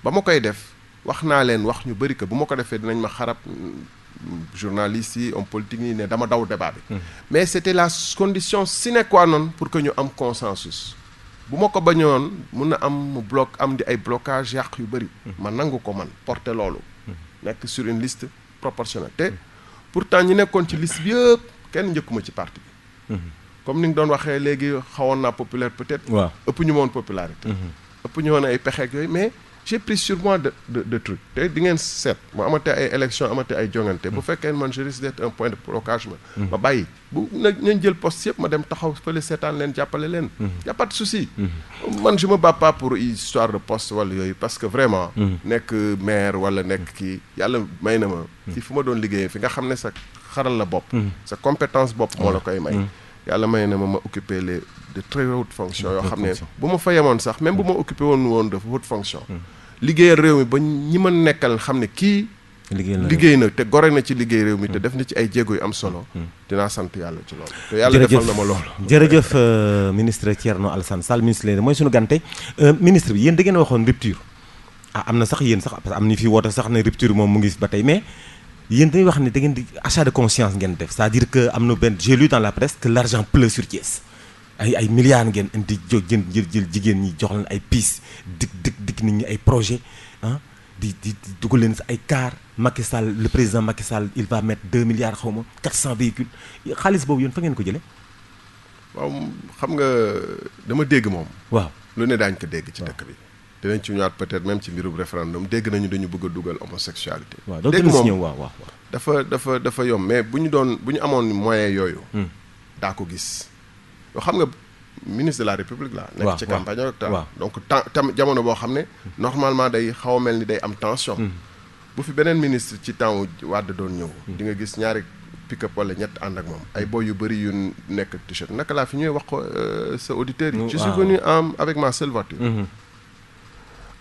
ba ma koy def wax naa leen wax ñu bëri que bu ma ko defee dinañ ma xarab mm, journaliste yi hommes politiques yi dama daw débat hmm. mais c'était la condition sine qua non pour que ñu am consensus bu ma ko bañoon mun am mu bloc am di ay blocage yàq yu bëri hmm. ma nangu ko man porter loolu hmm. nekk sur une liste proportionnelle pourtant ñi nekkoon ci liste bi yëpp kenn ci parti comme ni nga doon waxee léegi xawoon naa populaire peut-être. waaw ëpp ñu woon popularité. Mhm. ëpp ñu woon ay pexeeg yooyu mais j'ai pris sur moi de de de truc te di ngeen seet mu amatee ay élection amatee ay jongante. bu mhm. fekkee man je risque d'être un point de blocage ma. Mhm. ma bàyyi bu na jël poste yëpp ma dem taxaw fële seetaan leen jàppale leen. y a pas de souci. man je me bats pas pour histoire de poste wala yooyu parce que vraiment. nekk maire wala nekk kii yàlla may na ma. ci fu ma doon liggéeyee fi nga xam ne sa xaral la bopp. sa compétence bopp moo la koy may yàlla may na ma ma occupé les de très haute fonction yoo xam ne bu ma fa yemoon sax même bu ma occupé woon woon de haute fonction. Hmm. liggéeyal réew mi ba ñi ma nekkal xam ne kii liggéey na te gore na ci liggéey réew mi te hmm. def na ci ay jéego yu am solo hmm. dinaa sant yàlla ci loolu te yàlla defal na ma loolu jërëjëf euh, ministre Thierno Alassane Sall ministre leen mooy suñu gante euh, ministre bi yéen da ngeen waxoon rupture ah am na sax yéen sax parce que am na fi woote sax ne rupture moom mu ngi ba tey mais il y a un achat de conscience c'est-à-dire que j'ai lu dans la presse que l'argent pleut sur pièce ay ay milliards des milliards de et qui projets ah, des le président Macky il va mettre 2 milliards 400 véhicules Khalis boobu que fa ko dinañ ci ñëwaat peut-être même ci mbirum référendum dégg nañu dañu bëgg a dugal homosexualité. dégg moom waaw waaw dafa dafa dafa yomb mais bu ñu doon bu ñu amoon moyen yooyu. Hmm. daa ko gis. yoo xam nga ministre de la république la. nekk ci campagne électorale donc tam jamono boo xam ne. normalement day xaw a mel ni day am tension. Hmm. bu fi beneen ministre ci temps wu Wade doon ñëw. Hmm. di nga gis ñaari. pick up wala ñett ànd ak moom ay boy yu bëri yu nekk t-shirt naka laa fi ñuy wax ko euh, sa auditeur yi. je suis venu en avec ma seule voiture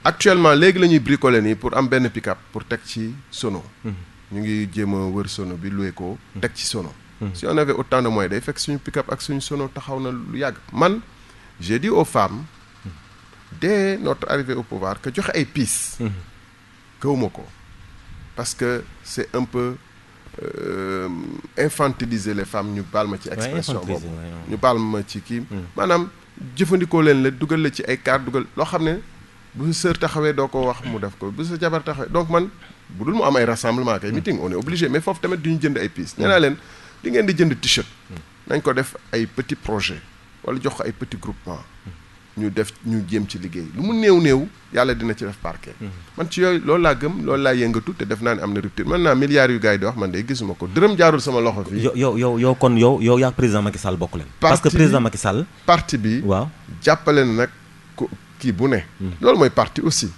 actuellement légui la ni bricoler ni pour am ben pick-up pour tek ci sono ñu ngi jéem wër sono bi loué ko tek ci sono si on avait autant de moyens day fek suñu pick-up ak suñu sono taxaw na lu yag man j'ai dit aux femmes dès notre arrivée au pouvoir que joxe ay pis gëwuma parce que c'est un peu euh, infantiliser les femmes ñu baal ma ci expression bobu ñu baal ma ci ki manam mm. jëfandikoo leen le duggal la ci ay carte bu sa sœur taxawee doo ko wax mu def ko bu sa jabar taxawee donc man bu dul mu am ay rassemblement kay meeting on est mais foofu tamit du ñu jënd ay pièces hmm. nee naa leen li ngeen di jënd t-shirt hmm. nañ ko def ay petit projet wala jox ko ay petit groupement hmm. ñu def ñu jéem ci liggéey lu mu néew néew yàlla dina ci def parquet man ci yooyu lool laa gëm loolu laa yëngatu te def naa ne am na rupture man naa milliards yu gars yi di wax man de gisuma ko dërëm jaarul sama loxo fii yow yow kon yow yow yaa président Macky Sall bokk parce que président Macky Sall parti bi na nag qui bu ne. est parti aussi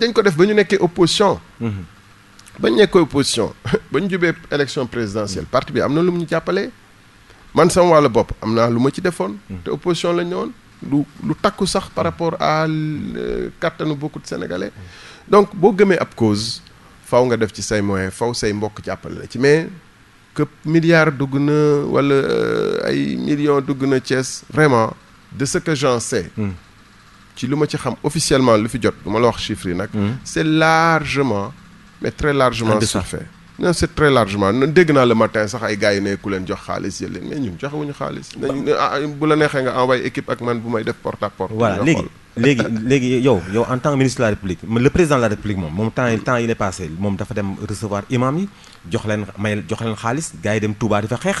dañ ko def ba ñu opposition. ba ñu opposition ba ñu élection présidentielle parti bi amna lu mu ñu jappalé man sama wala bop amna lu ma ci té opposition la lu lu takku sax par rapport à euh, nous beaucoup de sénégalais. donc bo gëmé ab cause faw nga def ci say moyen faw say mbokk jappalé ci mais. que milliard dugg na wala euh, ay millions dugg na vraiment de ce que j'en sais. Hmm ci lu ma ci xam officiellement lu fi jot du ma la wax chiffre yi nag. Hmm. c' est largement mais très largement. surfait non c' est très largement dégg naa le matin sax ay gars yi ne ku leen jox xaalis yële mais ñun joxewuñu xaalis. Ah, ah, bu la neexee nga envoyé équipe ak man bu may def porte à porte. voilà léegi léegi léegi yow yow en tant que ministre de la république le président de la république moom moom temps temps il est passé moom dafa dem recevoir imam yi jox leen may jox leen xaalis gars yi dem Touba di fa xeex.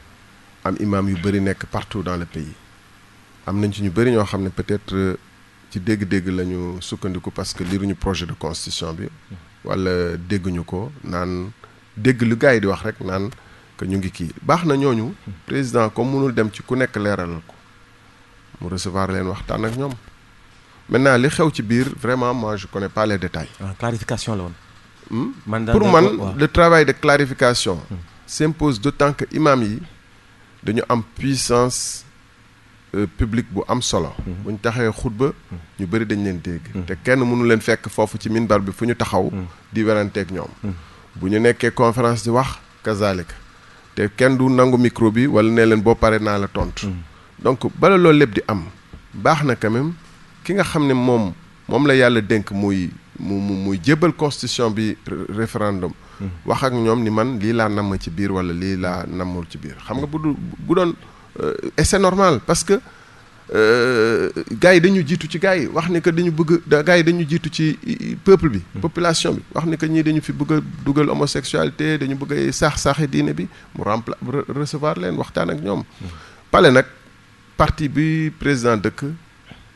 am Imam yu partout dans le pays am nañ ci ñu peut-être euh, ci dégg-dégg la ñu parce que projet de constitution bi wala ko naan dégg lu gars di wax rek na président comme dem ci ku nekk leeralal ko mu recevoir leen waxtaan maintenant li xew ci biir vraiment moi je connais pas les détails ah, clarification hmm? pour man le travail de clarification s'impose d'autant que imam dañu am puissance euh, publique bu am solo. Mhm. buñ mhm. ñu khutba xutba ñu de dañ leen dégg. nous mhm. kenn mënu leen fekk fofu ci minbar bi fu taxaw. di bu ñu nekké conférence di wax kazalik te kenn du nangu micro bi wala la donc bala di am baxna quand même ki nga xamné mom la constitution bi référendum c'est normal parce que euh, gars yi dañu jiitu ci wax ni que dañu bëgg peuple population bi wax ni que ñii dañu fi bëgg a homosexualité dañu bëgg a sax bi mu recevoir leen waxtaan ak hmm. pale parti bi président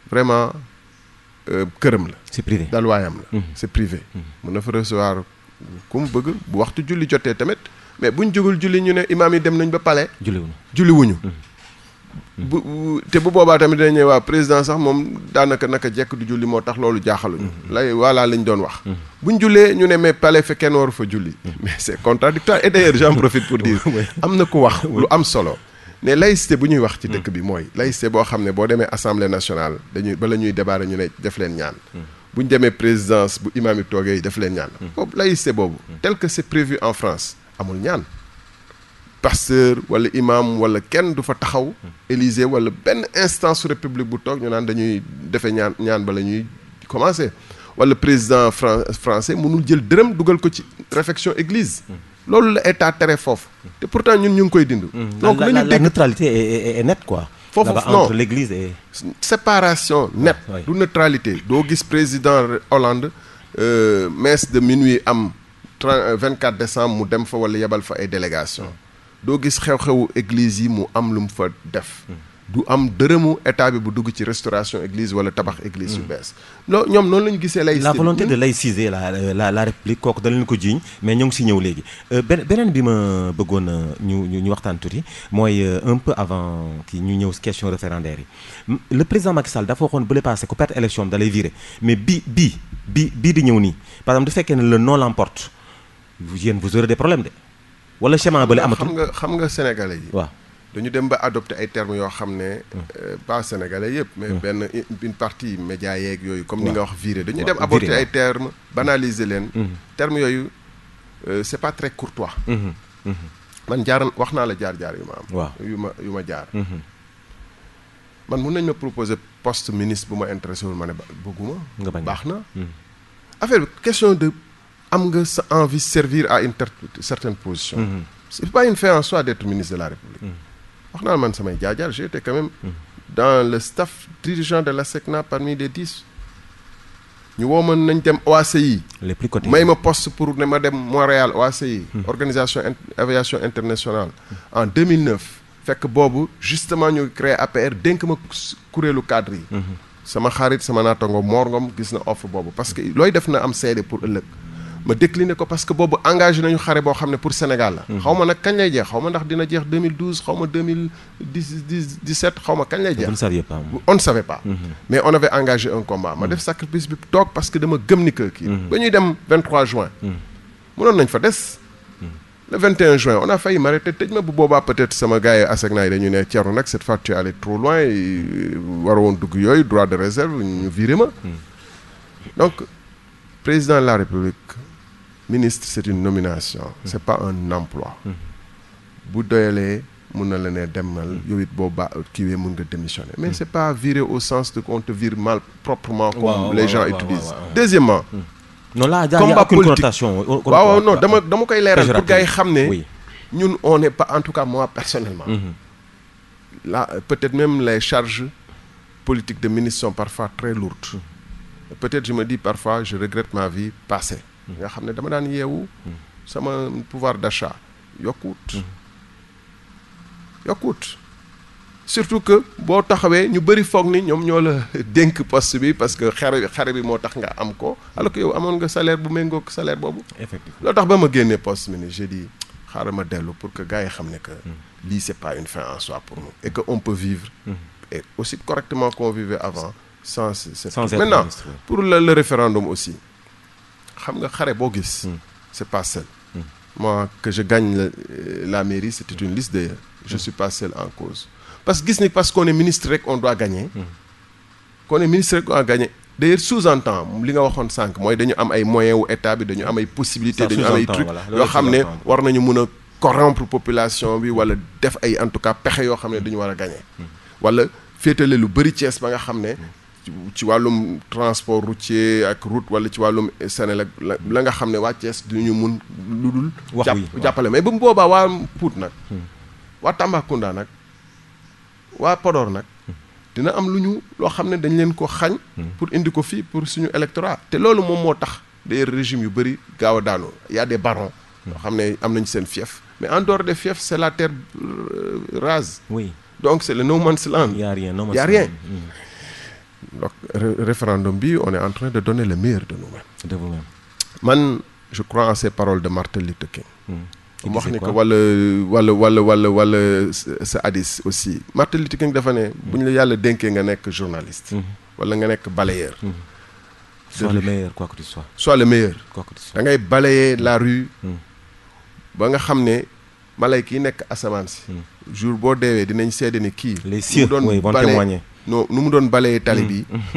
vraiment euh, c'est privé hmm. c'est privé hmm. recevoir ku mu bëgg bu waxtu julli jotee tamit mais buñ jógul julli ñu ne imaam yi dem nañ ba palais julliwuñu julliwuñu mm-hmm. Mm-hmm. bu te bu boobaa tamit dañ ne waa président sax moom daanaka naka jekk du julli moo tax loolu jaaxaluñu mm-hmm. lay voilà lañ doon wax buñ jullee ñu ne mais palais fe kenn waru fa julli mais c'est contradictoire et d'ailleurs j'en profite pour dire am na ku wax lu am solo ne laïcité bu ñuy wax ci mm. dëkk bi mooy laïcité boo xam ne boo demee assemblée nationale dañuy bala ñuy débarrer ñu ne def leen ñaan mm. buñ démé présidence bu imam togué def yi daf leen ñaan. c'est hmm. laïcité hmm. tel que c'est prévu en France amul ñaan. pasteur wala imam wala kenn du fa taxaw. Hmm. Élysée wala benn instance république bu toog ñu naan dañuy defee ñaan ñaan ba la ñuy commencer. wala président fran français mënul jël dërëm dugal ko ci réfection église. loolu la état tere foofu. te pourtant ñun ñu ngi koy dind donc la la la neutralité est est nette quoi non l'église et... séparation nette, neutralité doo président Hollande euh, messe de minuit am 24 euh, décembre mu dem fa wala délégation doo gis xew-xewu église yi mu am lu fa def hmm du am dërëmu état bi bu dugg ci restauration église wala tabax église yu mm. bees. loo ñoom noonu la ñu gisee laïcité. la volonté de hmm? laïciser la la la république kooku da leen ko jiiñ mais ñoo ngi si ñëw léegi euh, ben-, beneen bi ma bëggoon euh, ñu ñu waxtaan tuuti mooy euh, un peu avant ki ñu ñëw question référendaire yi le président Macky Sall dafa waxoon bële passé ku perte élection da lay virer mais bi bi bi bii di ñëw nii par exemple du fekkee ne le non l'emporte yéen vous aurez des problèmes de wala schéma bële amatul xam nga xam nga sénégalais yi waaw dañu dem ba adopter ay termes yoo xam ne. Euh, pas sénégalais yëpp. mais hmm. benn une partie média yeeg yooyu. comme ni nga wax viré dañu dem aborter ay termes banaliser leen. Hmm. termes yooyu euh, c'est pas très courtois. Hmm, man jaar wax naa la jaar jaar yu ma am. yu ma yu ma jaar. man mun nañ ma proposer poste ministre bu ma intéressé wul ma ne bëgguma. affaire question de am nga sa envie servir à une certaine position. c'est pas une fin en soi d'être ministre de la République man samay j'étais quand même dans le staff dirigeant de la secna parmi les dix ñu woo ma nañ dem OACI les plus cotés poste pour ne ma dem Montréal OACI hmm. organisation aviation internationale en 2009 que bobu justement ñu créé APR dénk ma le cadre yi hmm. sama xarit sama natongo Mor gis na offre bobu parce que loy def na am seede pour le ma décliné ko parce que boobu engagé nañu xare boo xam pour Sénégal la. Mhm. xaw ma nag kañ lay jeex xaw ma ndax dina jeex 2012 xaw 2017 xaw ma kañ lay jeex. on ne savait pas on ne savait pas. mais on avait engagé un combat. ma mhm. def sacrifice bi toog parce que dama gëm ni que kii. Mhm. ba ñuy dem 23 juin. mënoon nañ fa des. le 21 juin on a failli m'arrêter tëj ma bu boobaa peut-être sama gars yi asag naa yi dañu ne nag cette fois tu es allé trop loin waroon dugg yooyu droit de réserve ñu viré ma. donc président de la République ministre c'est une nomination mm. Ce n'est pas un emploi mm. bu doyalee mun la mm. démissionner mais c'est pas viré au sens de qu'on te vire mal proprement comme les gens utilisent deuxièmement non là pas politique connotation waaw non cas il koy pour gars yi on n'est pas en tout cas moi personnellement mm-hmm. peut-être même les charges politiques de ministre sont parfois très lourdes mm-hmm. peut-être je me dis parfois je regrette ma vie passée nga xam ne dama daan yeewu sama pouvoir d'achat yokkuwut mm-hmm. yokkuwut surtout que boo taxawee ñu bëri foog ni ñoom ñoo la dénk poste bi parce que xare xare bi moo tax nga am ko alors que yow amoon nga salaire bu méngoog salaire boobu effectivement loo tax ba ma génnee poste bi j'ai dit xaaral ma dellu pour que gars yi xam ne que mm-hmm. lii c'est pas une fin en soi pour nous et que on peut vivre mm-hmm. et aussi correctement qu'on vivait avant sans sans maintenant pour le, le référendum aussi xam nga xare boo gis. Hmm. c'est pas seul. Hmm. moi que je gagne la, mairie c'était une liste d'ailleurs je hmm. suis pas seul en cause parce que gis ni parce qu'on est ministre rek on doit gagner. qu'on est ministre rek on doit gagner d'ailleurs sous-entend li nga waxoon sànq mooy dañu am ay moyens wu état bi dañu am ay possibilités dañu am ay trucs yoo xam ne war nañu mun corrompre population bi wala def ay en tout cas pexe yoo xam ne dañu war a gagner wala féetale lu bëri ce ba nga xam ci wàllum transport routier ak route wala ci wàllum Senelec la la nga xam ne waa Thiès du ñu mun lu dul. wax jàppale mais bu boobaa waa Pout nag. Hmm. waa Tambacounda nag waa Podor nag. Hmm. dina am lu ñu loo xam ne dañ leen ko xañ. Hmm. pour indi ko fii pour suñu électorat. te loolu moom moo tax des régimes yu bëri gaaw a daanoo y a des barons. yoo xam ne am nañ seen fief. mais en dehors des fiefs c' est la terre euh, rase. oui donc c' est le no man's land. y a rien rien. donc référendum bi on est en train de donner le meilleur de nous-mêmes. de vous-même man je crois en ces paroles de Martin Luther King. Hmm. Il wax ni que wala wala wala wala wala sa hadis aussi Martin Luther King dafa ne. Hmm. bu ñu la yàlla dénkee nga nekk journaliste. Hmm. wala nga nekk balayeur. sois le meilleur quoi que tu sois. Soit le meilleur. quoi que tu sois da ngay balayer la rue. ba nga xam ne malayka yi nekk asamaan si. jour boo deewee dinañ seede ni kii. les siens mooy témoigner nous nous donne balayé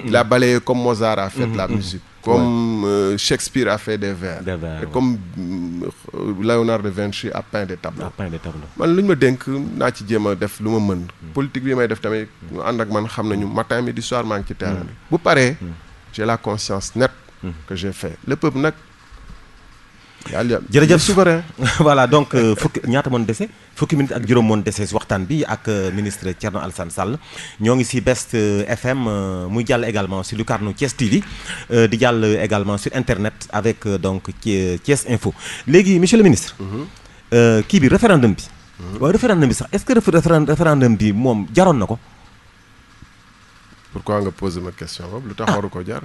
il a balayé comme Mozart a fait mm-hmm. la mm-hmm. musique. comme euh, Shakespeare a fait des vers. et comme euh, Léonard de Vinci a peint des tableaux. a peint des tableaux man lui me ma que na ci jéem a def lu ma mm. politique bi may def tamit andak mm. man xam matin midi soir maa ci terrain mm. bu j'ai la conscience nette. que j'ai fait le peuple nak jërëjëf souverain voilà donc euh, fukki ñaata moon dese fukki minutes ak juróom moon dese waxtaan bi ak euh, ministre Thierno Alsan Sall ñoo ngi si Best euh, FM muy jall également sur Lucarno Thiès TV di jall également sur internet avec donc Thiès Info légui monsieur le ministre mhm. kii bi référendum bi mhm. waaw référendum bi sax est-ce que référendum bi moom jaroon na ko pourquoi nga posé ma question boobu lu tax ah. ko jar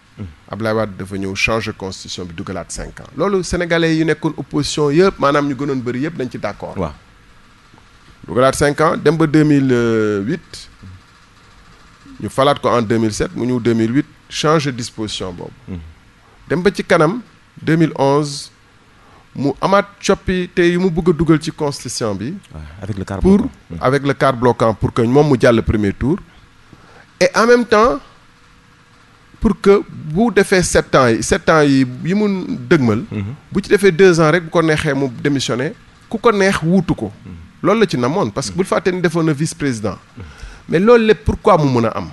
Abdoulaye Wade dafa ñëw changer constitution bi dugalaat cinq ans loolu sénégalais yu nekkoon opposition yëpp maanaam ñu gënoon bëri yëpp dañ ci d'accord. waaw dugalaat 5 ans dem ba 2008 ñu falaat ko en 2007 mu ñëw 2008 changer disposition boobu. Hmm. dem ba ci kanam 2011 mu amaat coppi te yu mu bëgg a ci constitution bi. avec le car pour hmm. avec le car bloquant pour que moom mu le premier tour. et en même temps pour que bu defee sept ans yi sept ans yi yi mu dëgmal. Mhm. bu ci defee deux ans rek bu ko neexee mu démissionné ku ko neex wuutu ko. Mhm. loolu la ci namoon parce que mhm. bu fàtte ni defoon na vice président. mais loolu lépp pourquoi mu mën a am.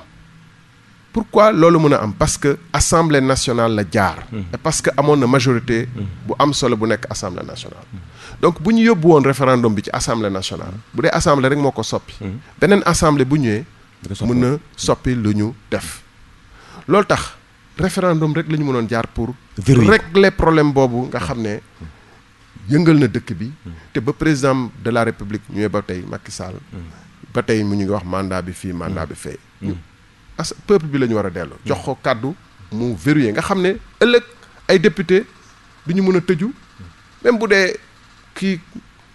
pourquoi loolu mën a am parce que assemblée nationale la jaar. et parce que amoon na majorité. bu am solo bu nekk assemblée nationale. donc bu ñu yóbbu woon référendum bi ci assemblée nationale. bu dee assemblée rek moo ko soppi. beneen assemblée bu ñëwee. mën na soppi lu ñu def loolu tax référendum rek lañu ñu mënoon jaar pour régler problème boobu nga xam ne yëngal na dëkk bi hmm. te ba président de la république ñëwee ba tey Macky Sall hmm. ba tey mu ñu ngi wax mandat bi fii mandat hmm. bi fee as peuple bi la ñu war a delloo jox ko kàddu mu verrouillé nga xam ne ëllëg ay député du ñu mën a tëju même bu dee kii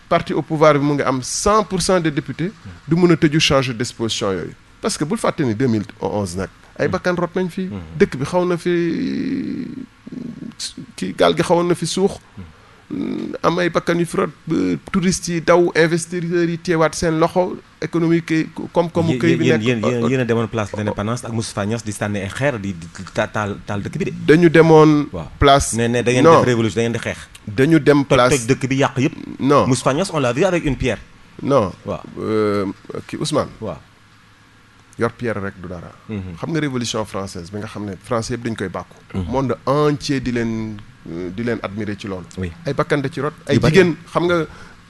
parti au pouvoir bi mu ngi am 100 pour cent des députés du mën a tëju changer disposition yooyu parce que bul fàtte ni 2011 nag ay bakkan rot nañ fi. Mm-hmm. dëkk bi xaw na fi kii gaal gi xawoon na fi suux. Mm-hmm. am ay bakkan yu fi rot touristes yi daw investisseurs yi teewaat seen loxo économie kay koom-koomu. kay bi nekk yéen euh, yéen a demoon place de l'indépendance ak Moustapha Niass di sànni ay xeer di taal taal dëkk bi de. dañu demoon. place non ne da ngeen def révolution da di xeex. dañu dem place dëkk bi yàq yëpp. non Moustapha Niass on l'a vu avec une pierre. non waaw euh, kii Ousmane yor pierre rek du dara. Mhm. xam nga révolution française bi nga xam ne français yëpp dañ koy bàkku. Mhm. monde entier di leen di leen admirer ci loolu. ay bakkante ci rot ay jigéen xam nga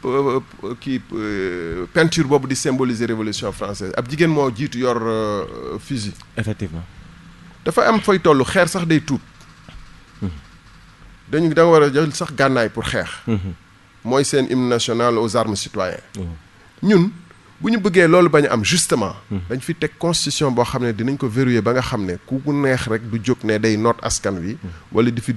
euh, ki euh, peinture boobu di symboliser révolution française ab jigéen moo jiitu yor euh, fusil. effectivement. dafa am fay tollu xeer sax day tuub. Mhm. dañu da nga war a jël sax gànnaay pour xeex. mooy seen hymne national aux armes citoyens ñun bu ñu bëggee loolu bañ am justement dañ fi teg constitution boo xam ne dinañ ko ba nga neex rek du day askan wi wala di fi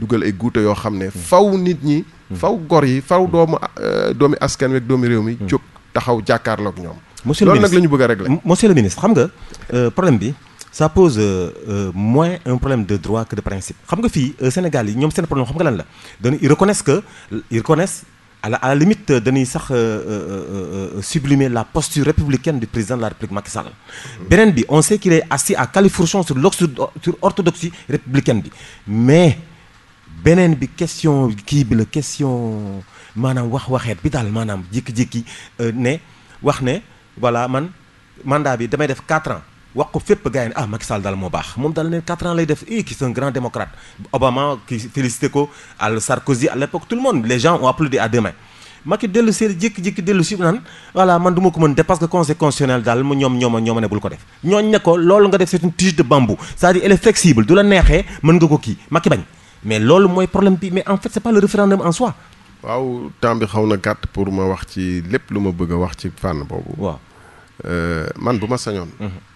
monsieur le ministre xam nga euh, problème ça pose euh, euh, moins un problème de droit que de principe xam nga Sénégal yi problème la ils reconnaissent que ils à la, limite euh euh, euh, euh, euh, sublimer la posture républicaine du président de la République Macky Sall on sait qu'il est assis à califourchon sur l'orthodoxie républicaine mais question qui est la question manam wax Manam, jiki ne voilà man mandat bi 4 ans fait ko fépp gars yi ne ah Macky Sall daal moo baax moom daal ne quatre ans lay def eh qui c'est un grand démocrate Obama qui félicité ko à Sarkozy à l'époque tout le monde les gens ont applaudi à deux mains Macky delu si jékki-jékki delu si naan voilà man du ma ko mën def parce que conseil constitutionnel dal mu ñom ñooma ne bul ko def ñoñ ne ko loolu nga def c'est une tige de bambou c'est-à-dire elle est flexible dula la neexee mën nga ko ki Macky bañ mais loolu moy problème bi mais en fait c'est pas le référendum en soi waaw temps bi xawna na pour ma wax ci lepp luma bëgg wax ci fan bobu waaw euh, man bu ma -hmm.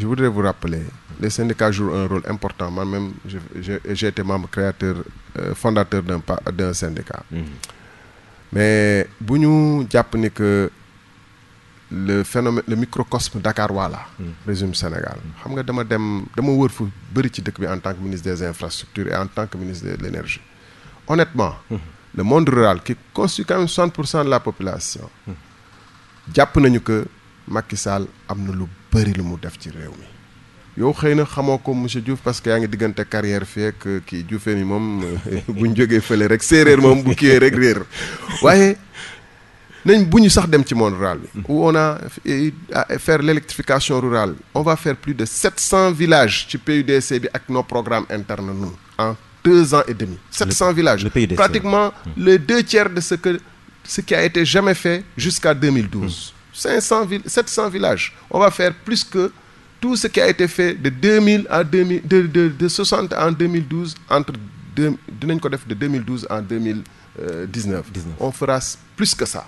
je voudrais vous rappeler, les syndicats jouent un rôle important. Moi-même, j'ai été membre créateur, euh, fondateur d'un syndicat. Mhm. Mais si nous que le phénomène le microcosme dakarois là mhm. résume Sénégal je nga dama dem en tant que ministre des infrastructures et en tant que ministre de l'énergie honnêtement mhm. le monde rural qui constitue quand même 60% de la population nous nañu que Macky Sall bëri lu mu def ci réew mi yow xëy na xamoo monsieur Diouf parce que yaa ngi diggante carrière fii ak euh, kii Dioufé mi moom euh, bu ñu jógee fële rek séeréer moom bu kiiwee rek réer waaye nañ bu sax dem ci monde rural où on a euh, faire l'électrification rurale on va faire plus de 700 villages ci PUDC bi ak nos programmes internes en deux ans et demi. 700 villages pratiquement hum. le deux tiers de ce que ce qui a été jamais fait jusqu'à 2012. 500 villes, 700 villages. On va faire plus que tout ce qui a été fait de 2000 à 2000, de, 60 en 2012 entre deux, de 2012 en 2019. Euh, on fera plus que ça.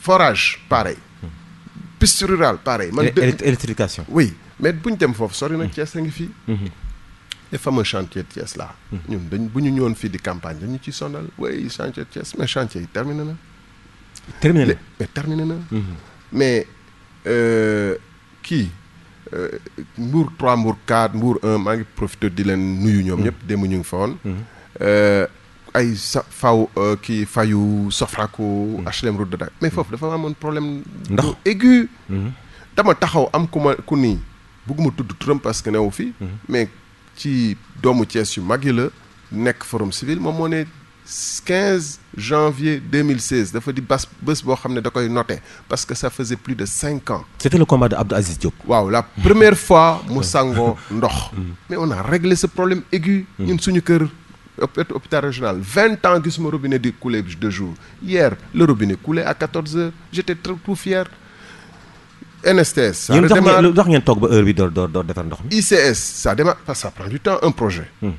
Forage, pareil. Piste rurale, pareil. Électrification. Oui. Mais buñ on fofu sori na pièce mm. fi. Mm-hmm. Les fameux chantiers de Thiès là. Mm. Ñun buñu ñëwon fi di campagne ci sonal. Oui, chantier de Thiès, mais chantier est terminé là. terminé na mais eh, terminé na. Mhm. mais kii euh, euh, Mbour 3 Mbour 4 Mbour 1 maa ngi profité di leen nuyu ñoom mhm. ñëpp démb ñu ngi fa woon. Mhm. Euh, ay sa faw kii fayu Sofraco. HLM route de Dakar mais foofu dafa amoon problème. ndax aigu. dama taxaw am ku ma ku nii bëgguma tudd turam parce que newu fi. mais ci doomu Thiès yu mag yi la nekk forum civil moom moo ne. 15 janvier 2016 dafa di bas boo da koy noté parce que ça faisait plus de 5 ans. c'était le combat de Abdou Aziz Diop. waaw la première fois mu sangoo mais on a réglé ce problème aigu. ñun suñu kër hôpital régional 20 ans gisuma robinet di couler de jour hier le robinet coulait à 14 heures j'étais trop fier. NSTS. ça ngeen toog ba heure bi door door door defar ndox ICS ça démarre ça prend du temps un projet. Hmm.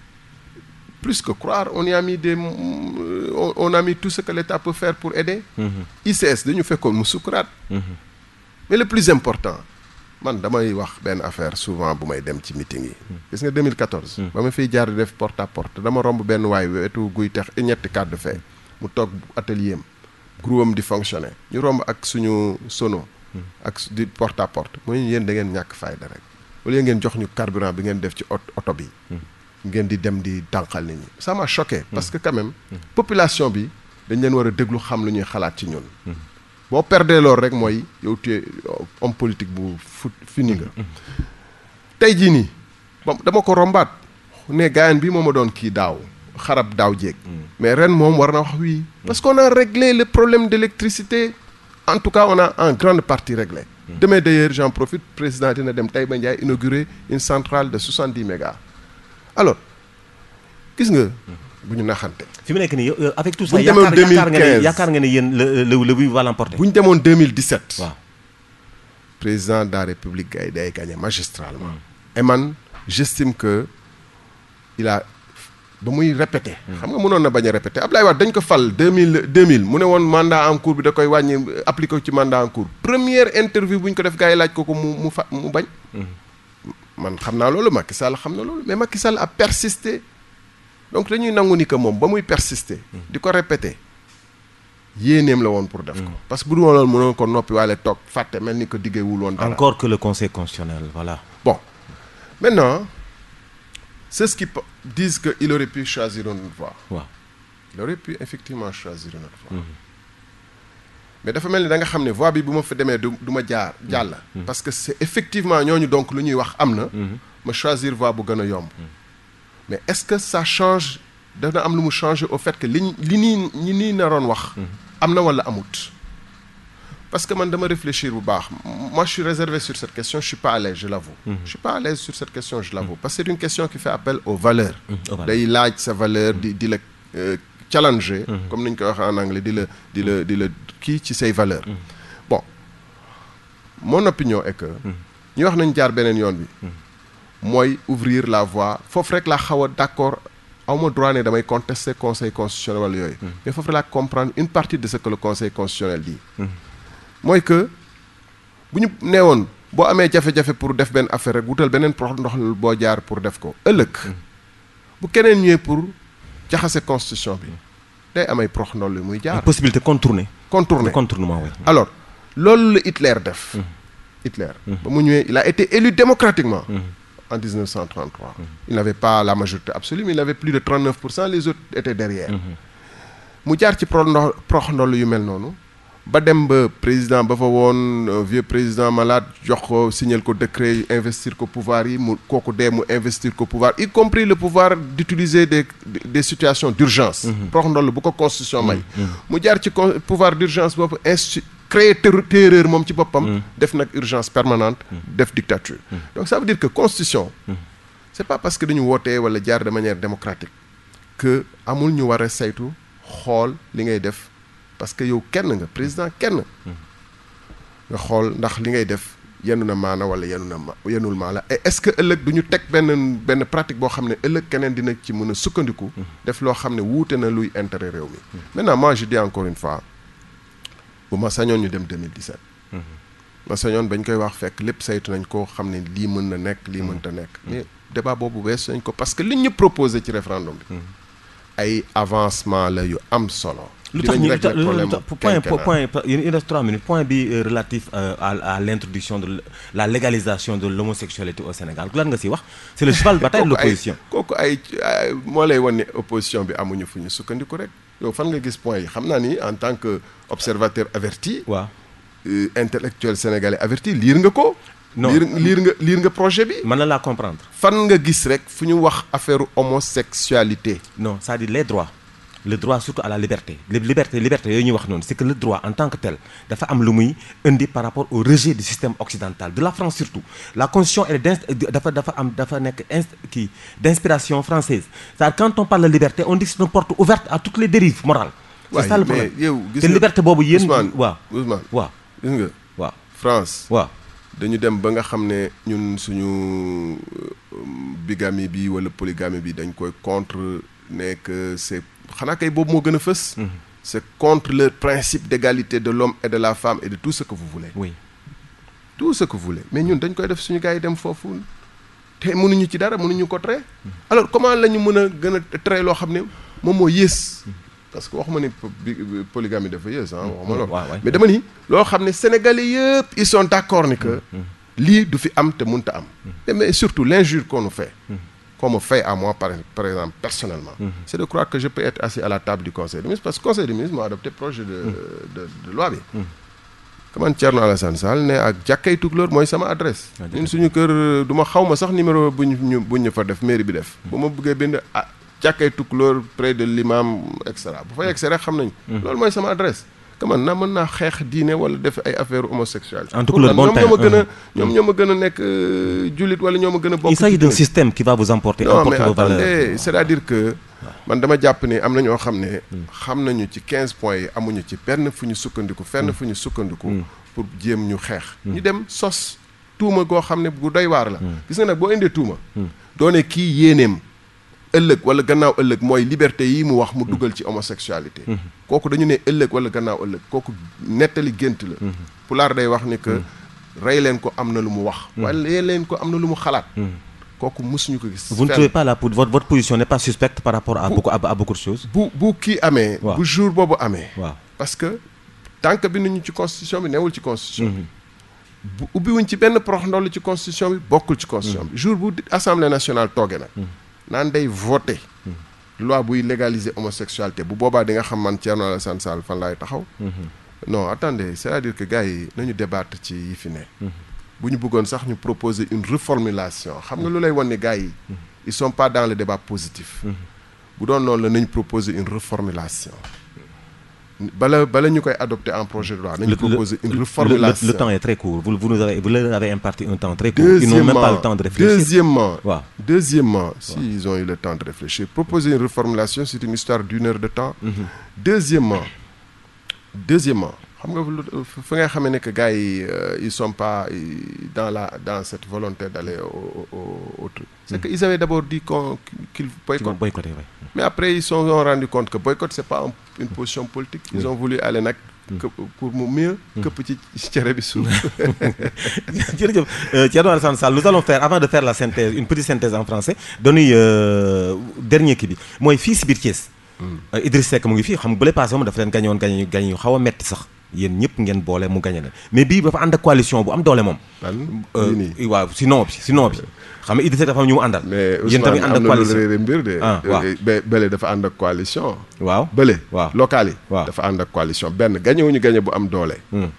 plus que croire, on y a mis des, euh, on a mis tout ce que l'État peut faire pour aider. Mmh. ICS dañu fekkoon comme sukuraat. Mhm. mais le plus important man damay wax ben affaire souvent bu may dem ci meeting yi. c'est mhm. 2014. Mhm. ba ma fiy jaar def porte à porte dama romb benn waay wetu guy et n'y cadre fee mu toog atelier am groupe di fonctionner ñu romb ak suñu sono. ak porte à porte y a da ngeen qui fayda rek. wala ngeen jox ñu carburant bi ngeen def ci oto bi ngeen di dem di ça m'a choqué parce que quand même population bi dañ leen war a déglu xam lu ñuy xalaat ci ñun boo perdee loolu rek mooy yow tu euh, homme politique bu fini nga tey jii nii ba dama ko rombaat ne gaayan bi moo ma doon kii daaw xarab daaw jéeg mais ren moom war na wax oui parce qu'on a réglé le problème d'électricité en tout cas on a en grande partie réglé demain d'ailleurs j'en profite président dina dem inauguré inaugurer une centrale de 70 mégas alors quest nga. que vous naxante. fi mu nekk euh, avec tout ça. bu ñu demoon 2015 yaakaar nga ne le le va l'emporter. bu ñu 2017. waaw président de la république gay day gagné magistralement. Hmm. et man j'estime que il a ba muy répété. Hmm. xam nga mënon na bañ a répété Ablaye Wade dañ ko fal 2000 2000 mu ne woon mandat en cours bi da koy wañi appliquer ci mandat en cours première interview buñ ko def gars yi laaj ko ko mu mu bañ. Hmm man xam naa loolu Macky Sall xam na mais Macky Sall a persisté donc dañuy nangu ni que moom ba muy persister. Hmm. di ko répéter yéeneem la woon pour def ko. Hmm. parce que bu dul woon loolu mënoon ko noppi waale toog fàtte mel ni que diggéewul woon encore que le conseil constitutionnel voilà. bon maintenant c'est ce qui disent que il aurait pu choisir une autre voie. il aurait pu effectivement choisir une autre voie. Hmm mais dafa mel ni da nga xam ne voie bi bu ma fa demee du du mm-hmm. Mm-hmm. parce que c'est effectivement ñooñu donc lu ñuy wax am na. Mm-hmm. choisir voie bu gën a yomb. mais est-ce que ça change dana am lu mu changer au fait que li li ni ñi nii naroon wax. am na amut. parce que man dama réfléchir bu baax moi je suis réservé sur cette question je suis pas à l'aise je l'avoue Je je suis pas à l'aise sur cette question je l'avoue parce que c'est une question qui fait appel aux valeurs day laaj sa valeur di di euh, challenger. Mhm. comme niñ ko waxee en anglais di la di la di la ci say valeur mhm. bon mon opinion est que. Mhm. ñu wax nañ jaar benen yoon bi. moy ouvrir la voie foofu rek la xawa d'accord d' droit ne damay contester conseil constitutionnel wala yooyu. mais foofu la comprendre une partie de ce que le conseil constitutionnel dit. mooy que bu ñu nee woon boo amee jafe-jafe pour def benn affaire rek wutal beneen prox ndox boo jaar pour def ko ëllëg. bu keneen ñëwee pour. Il constitution bi day am ay prox la possibilité contourner. contourner contournement alors loolu la Hitler def. Mm. Hitler. Mm. il a été élu démocratiquement. Mm. en 1933. il n'avait pas la majorité absolue mais il avait plus de 39 les autres étaient derrière. Mm-hmm. mu jaar ci prox ndoll yu mel ba dem ba président ba fa vieux président malade jox ko signal ko décret investir ko pouvoir yi investir ko pouvoir y compris le pouvoir d'utiliser des situations d'urgence mhm. prox ndoll bu ko constitution may mhm. Mhm. mu jaar ci pouvoir d'urgence boobu créer créer terreur moom ci boppam def urgence permanente def dictature donc ça veut dire que constitution c'est pas parce que dañu wootee wala jaar de manière démocratique que amul ñu war a saytu xool li ngay def parce que yow kenn nga président kenn hmm. nga xool ndax li ngay def yenu na maana wala yenu na ma yenul maana et est-ce que ëllëg du ñu teg benn benn pratique boo xam ne ëllëg keneen dina ci mën a sukkandiku hmm. def loo xam ne wuute na luy intérêt réew mi hmm. maintenant man je dis encore une fois bu ma sañoon ñu dem 2017 ma sañoon bañ koy wax fekk lépp saytu nañ ko xam ne lii mën na nekk lii mënta nekk mais débat boobu weesu nañ ko parce que li ñu proposé ci référendum bi ay avancement la yu am solo Le point il minutes point euh, relatif euh, à l'introduction de la légalisation de l'homosexualité au Sénégal c'est le cheval de bataille de l'opposition. Moi, je ay moo lay opposition bi amuñu fu ñu rek fan point en tant qu'observateur observateur averti euh, intellectuel sénégalais averti liir nga ko non projet bi. mën la comprendre. fan nga gis rek fu affaire homosexualité. non ça dit les droits le droit surtout à la liberté la liberté liberté c'est que le droit en tant que tel dafa am lu muy par rapport au rejet du système occidental de la France surtout la constitution elle est d'inspiration française quand on parle de liberté on dit que c'est une porte ouverte à toutes les dérives morales c'est ça le problème yow liberté boobu yéen Ousmane France nous dañu dem ba nga xam ñun suñu euh, bigamie bi wala polygamie bi dañ koy contre nekk xanaa kay boobu moo gën a fës. Hum. c'est contre le principe d'égalité de l'homme et de la femme et de tout ce que vous voulez. oui tout ce que vous voulez mais ñun dañ koy def suñu gars yi dem foofu te mënuñu ci dara mënuñu ko traiter. Hum. alors comment la ñu mën a gën a traiter loo xam ne hum. parce que waxuma ni polygamie dafa yées ah. waxuma loolu mais dama ni. loo xam ne sénégalais yëpp ils sont d'accord ni que. lii du fi am te mënta am. mais surtout l'injure qu'on nous fait qu'on me fait à moi, par, par exemple, personnellement, mhm. c'est de croire que je peux être assis à la table du Conseil des ministres, parce que le Conseil des ministres m'a adopté projet de, mm -hmm. de, de, loi. Bi. Mhm. man Thierno Alassane Sall ne ak jàkkay tukulóor mooy sama adresse. Ah, ñun suñu cœur euh, du ma xaw ma sax numéro de ñu fa def mairie bi def. Mhm. bu ma bëggee bind ah, près de l'imam etc. cetera bu fa yegg see rek xam nañ loolu mooy sama adresse man wala def ay affaire en tout cas le bon temps euh, euh, il s'agit d'un système qui va vous emporter. non c'est-à-dire que. man dama jàpp am ne. 15 hmm. points yi ci fenn fu sukkandiku fenn hmm. hmm. pour jéem ñu xeex. ñu dem sos tuuma goo xam bu doy waar la. gis nga ëllëg wala gannaaw ëllëg mooy liberté yi mu wax mu dugal ci homosexualité mhm. kooku dañu ne ëllëg wala gannaaw ëllëg kooku nettali gént la mhm. pulaar day wax ni que mhm. rey leen ko am na lu mu wax wala rey leen ko am na lu mu xalaat kooku mësuñu ko gis vous ne trouvez pas la votre votre position n'est pas suspecte par rapport à beaucoup à beaucoup de choses bu bu kii amee bu jour boobu amee parce que tànk bi nañu ci constitution bi newul ci constitution bi bu ubbiwuñ ci benn prox ndoll ci constitution bi bokkul ci constitution bi jour bu assemblée nationale tooge nag naan day voté loi buy légaliser homosexualité bu boba di nga xam man Thierno Alassane Sall fan taxaw non attendez c'est-à-dire que gars yi nañu débattre ci yi fi ne bu bëggoon sax ñu proposer une reformulation xam nga lu lay ne gars yi ils sont pas dans le débat positif mm-hmm. bu doon noonu la nañu proposer une reformulation bala bala avons un adopter projet de loi nous proposer une reformulation le, temps est très court vous vous nous avez vous leur avez imparti un temps très court ils n'ont même pas le temps de réfléchir deuxièmement deuxièmement si ils ont eu le temps de réfléchir proposer une reformulation c'est une histoire d'une heure de temps mhm. deuxièmement deuxièmement xam nga fa nga xamee gars yi euh, ils sont pas euh, dans la dans cette volonté d'aller au au truc. c'est hmm. qu'ils ils avaient d'abord dit qu'ils voulaient mais après ils se sont rendus compte que boycott c'est pas une position politique. ils ont voulu aller hmm. pour mieux. que hmm. petit cere bi suuf. jërëjëf euh, Thierno Sall nous allons faire avant de faire la synthèse une petite synthèse en français le dernier kii bi fils fii si biir Thiès. Idriss Seck mu ngi fii xam nga bu lay passé moom dafa leen gagné woon gagné gagné sax yen ñep ngeen boole mu gagné leen mais bi dafa ànd ak coalition bu am doole moom. euh wa sinon bi sinon bi. xam nga Idrissa dafa ñu mu àndal. yéen tamit ànd ak coalition mais de. ah euh, dafa ànd ak coalition. waaw bële. waaw local yi. dafa ànd ak coalition benn gagné wu ñu gagné bu am doole. Hmm.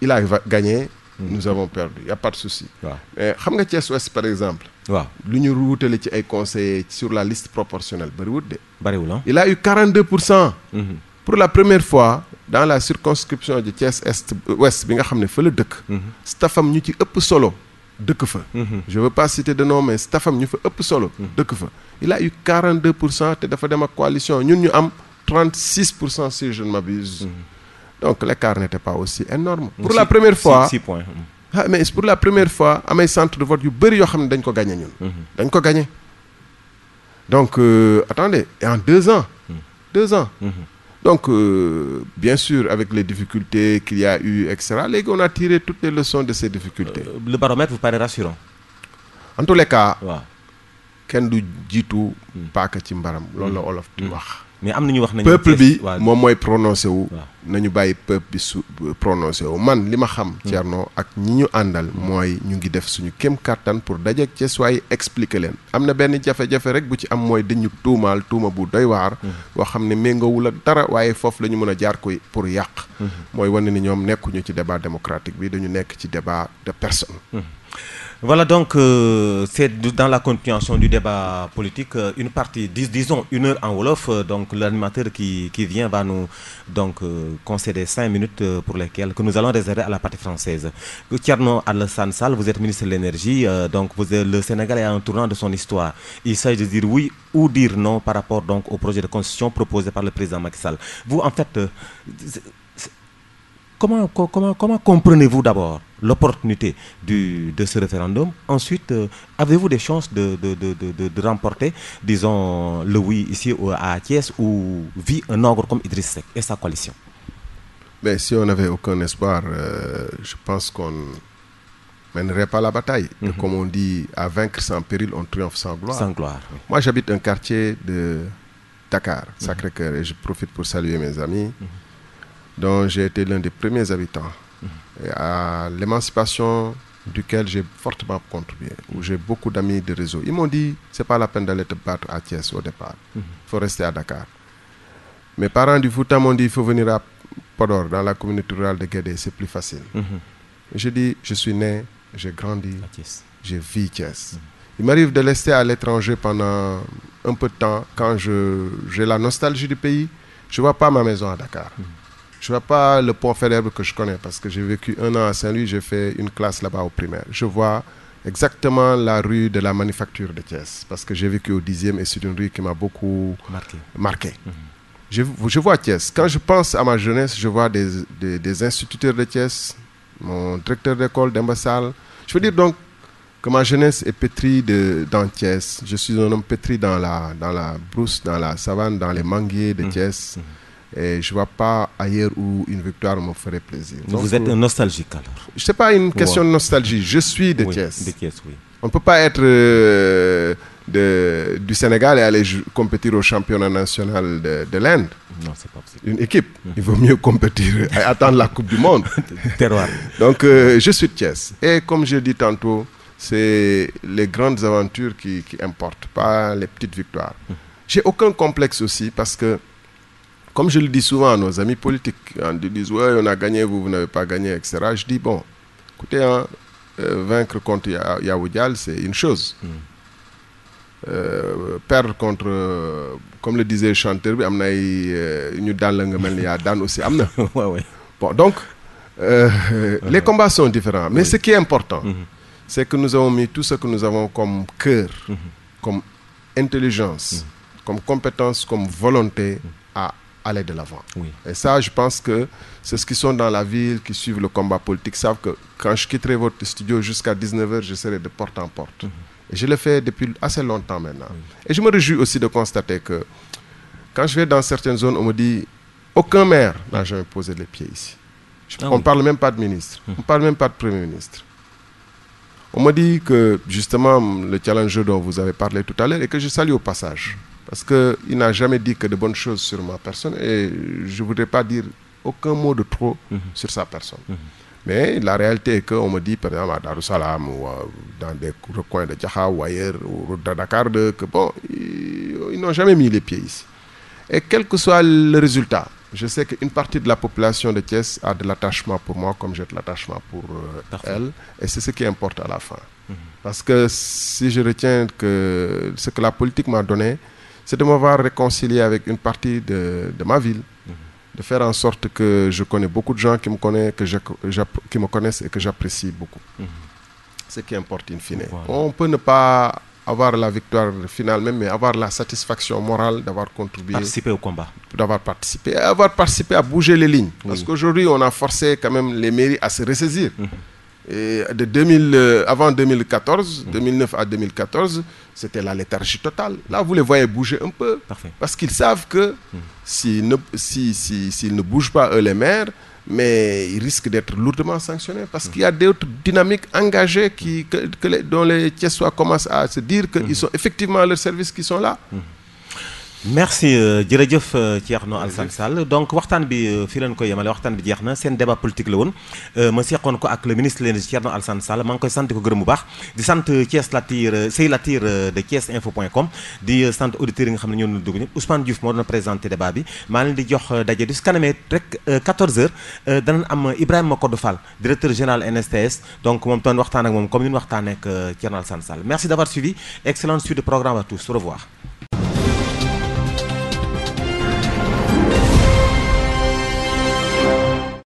il a gagné. nous avons perdu il y' a pas de souci. waaw mais xam nga Thiès Ouest par exemple. waaw lu ñu wutale ci ay conseillers sur la liste proportionnelle bari bariwul de. bari ah hein. il a eu 42 pour hmm. pour la première fois dans la circonscription de Thiès est ouest bi nga xamné ne fa le dëkk. Mhm. stafam ñu ci ëpp solo deuk fa. Mhm. je veux pas citer de nom mais stafam ñu fa ëpp solo. Mhm. deuk fa il a eu 42 té dafa dem coalition ñun ñu am 36 si je ne m'abuse donc l'écart n'était pas aussi énorme pour la première fois mais points ah mais pour la première fois amay centre de vote yu bëri yo xamné ne dañ ko gagné ñun dañ ko gagné donc euh, attendez et en deux ans deux ans donc, euh, bien sûr, avec les difficultés qu'il y a eu, etc., on a tiré toutes les leçons de ces difficultés. Euh, le baromètre vous paraît rassurant En tous les cas, du mais am na ñu wax nañu peuple bi moom mooy prononcé wu nañu bàyyi peuple bi su euh, prononcé wu man li ma xam hmm. Thierno ak ñi ñu àndal hmm. mooy ñu ngi def suñu kem kàttan pour dajeeg ces waay expliqué leen am na benn jafe-jafe rek bu ci am mooy dañu tuumaal tuuma bu doy waar hmm. xam ne méngoowul ak dara waaye foofu la ñu mën a jaar koy pour yàq mooy wane ni ñoom nekkuñu ci débat démocratique bi dañu nekk ci débat de personne Voilà donc, euh, c'est dans la continuation du débat politique, euh, une partie, disons une heure en Wolof, euh, donc l'animateur qui, qui, vient va nous donc, concéder cinq minutes pour lesquelles que nous allons réserver à la partie française. Thierno Al-Sansal, vous êtes ministre de l'énergie, donc vous êtes, le Sénégal est à un tournant de son histoire. Il s'agit de dire oui ou dire non par rapport donc au projet de constitution proposé par le président Macky Sall. Vous, en fait, comment, comment, comment comprenez-vous d'abord l'opportunité de ce référendum. Ensuite, euh, avez-vous des chances de, remporter, disons, le oui ici à Thiès où vit un ogre comme Idriss Seck et sa coalition ben, si on n'avait aucun espoir, euh, je pense qu'on ne mènerait pas la bataille. Mhm. Comme on dit, à vaincre sans péril, on triomphe sans gloire. Sans gloire. Moi, j'habite un quartier de Dakar, mhm. Sacré-Cœur, et je profite pour saluer mes amis, mhm. dont j'ai été l'un des premiers habitants à l'émancipation duquel j'ai fortement contribué, où j'ai beaucoup d'amis de réseau. Ils m'ont dit, c'est pas la peine d'aller te battre à Thiès au départ, il mhm. faut rester à Dakar. Mes parents du Fouta m'ont dit, il faut venir à Podor, dans la communauté rurale de Guédé, c'est plus facile. Je dis « J'ai je suis né, j'ai grandi, j'ai vécu Thiès. Mhm. Il m'arrive de rester à l'étranger pendant un peu de temps, quand j'ai la nostalgie du pays, je vois pas ma maison à Dakar. Mhm. Je ne vois pas le pont Félèbre que je connais parce que j'ai vécu un an à Saint-Louis, j'ai fait une classe là-bas au primaire. Je vois exactement la rue de la manufacture de Thiès parce que j'ai vécu au 10e et c'est une rue qui m'a beaucoup marqué. Mhm. je, vois Thiès. Quand je pense à ma jeunesse, je vois des, des, instituteurs de Thiès, mon directeur d'école d'Embassal. Je veux dire donc que ma jeunesse est pétrie de, dans Thiès. Je suis un homme pétri dans la, dans la brousse, dans la savane, dans les manguiers de mhm. Thiès. Mhm. Et je ne vois pas ailleurs où une victoire me ferait plaisir. vous êtes nostalgique alors Ce n'est pas une question de nostalgie. Je suis de oui, Thiès. On ne peut pas être euh, de, du Sénégal et aller compétir au championnat national de, l'Inde. Non, c'est pas possible. Une équipe. Il vaut mieux compétir et attendre la Coupe du Monde. Terroir. Donc, euh, je suis de Thiès. Et comme je dis tantôt, c'est les grandes aventures qui, qui importent, pas les petites victoires. Hum. J'ai aucun complexe aussi parce que comme je le dis souvent à nos amis politiques, on ils disent on a gagné, vous, vous n'avez pas gagné, etc. Je dis Bon, écoutez, hein, euh, vaincre contre Yaoudial, c'est une chose. Mm. Euh, perdre contre, euh, comme le disait le chanteur, il y a Dan aussi. Bon, donc, les combats sont différents. Mais ce qui est important, mm-hmm. c'est que nous avons mis tout ce que nous avons comme cœur, mm-hmm. comme intelligence, mm. comme compétence, comme volonté à aller de l'avant. Et ça, je pense que c'est ce qui sont dans la ville, qui suivent le combat politique, savent que quand je quitterai votre studio jusqu'à 19h, je serai de porte en porte. Mhm. Et je le fais depuis assez longtemps maintenant. Et je me réjouis aussi de constater que quand je vais dans certaines zones, on me dit aucun maire n'a jamais posé les pieds ici. Ah on ne parle même pas de ministre, mhm. on ne parle même pas de premier ministre. On me dit que justement le challenge dont vous avez parlé tout à l'heure et que je salue au passage. Parce qu'il n'a jamais dit que de bonnes choses sur ma personne et je ne voudrais pas dire aucun mot de trop mhm. sur sa personne. Mhm. Mais la réalité est qu'on me dit, par exemple, à Darussalam ou euh, dans des recoins de Djaha ou ailleurs, ou dans Dakar, que bon, ils, n'ont jamais mis les pieds ici. Et quel que soit le résultat, je sais qu'une partie de la population de Thiès a de l'attachement pour moi, comme j'ai de l'attachement pour euh, elle, et c'est ce qui importe à la fin. Mhm. Parce que si je retiens que ce que la politique m'a donné, c'est de m'avoir réconcilié avec une partie de, ma ville, mhm. de faire en sorte que je connais beaucoup de gens qui me, connaissent, me connaissent et que j'apprécie beaucoup. Mhm. Ce qui importe in fine. On peut ne pas avoir la victoire finale même, mais avoir la satisfaction morale d'avoir contribué. Participer au combat. D'avoir participé. Avoir participé à bouger les lignes. Parce qu'aujourd'hui, on a forcé quand même les mairies à se ressaisir. Mhm. Et de 2000, euh, avant 2014, 2009 mhm. à 2014, c'était la léthargie totale. Là, vous les voyez bouger un peu. Parce qu'ils savent que mhm. s'ils ne, si, bougent pas, eux, les maires, mais ils risquent d'être lourdement sanctionnés parce mhm. qu'il y a d'autres dynamiques engagées qui, que, les, dont les Tiessois commencent à se dire qu'ils sont effectivement à leur service qui sont là merci euh, jërëjëf euh, Thierno alsan Sall donc waxtan bi euh, fi leen koy yemale waxtan bi jeex sen débat politique la euh ma seqoon ko ak le ministre leen Thierno alsan Sall mang koy sante ko gërëm bu baax di sant Thiès Latir Sey Latir de Thiès di sante auditeurs nga xam ne ñoo doon dugg Ousmane Diouf moo doon présenter débat bi ma leen di jox dajé di su rek 14h danañ am Ibrahim Kodou Fall directeur général NSTS donc mom ton waxtan ak mom comme ni ñu waxtaan ak Thierno alsan Sall merci d'avoir suivi excellente suite de programme à tous au revoir.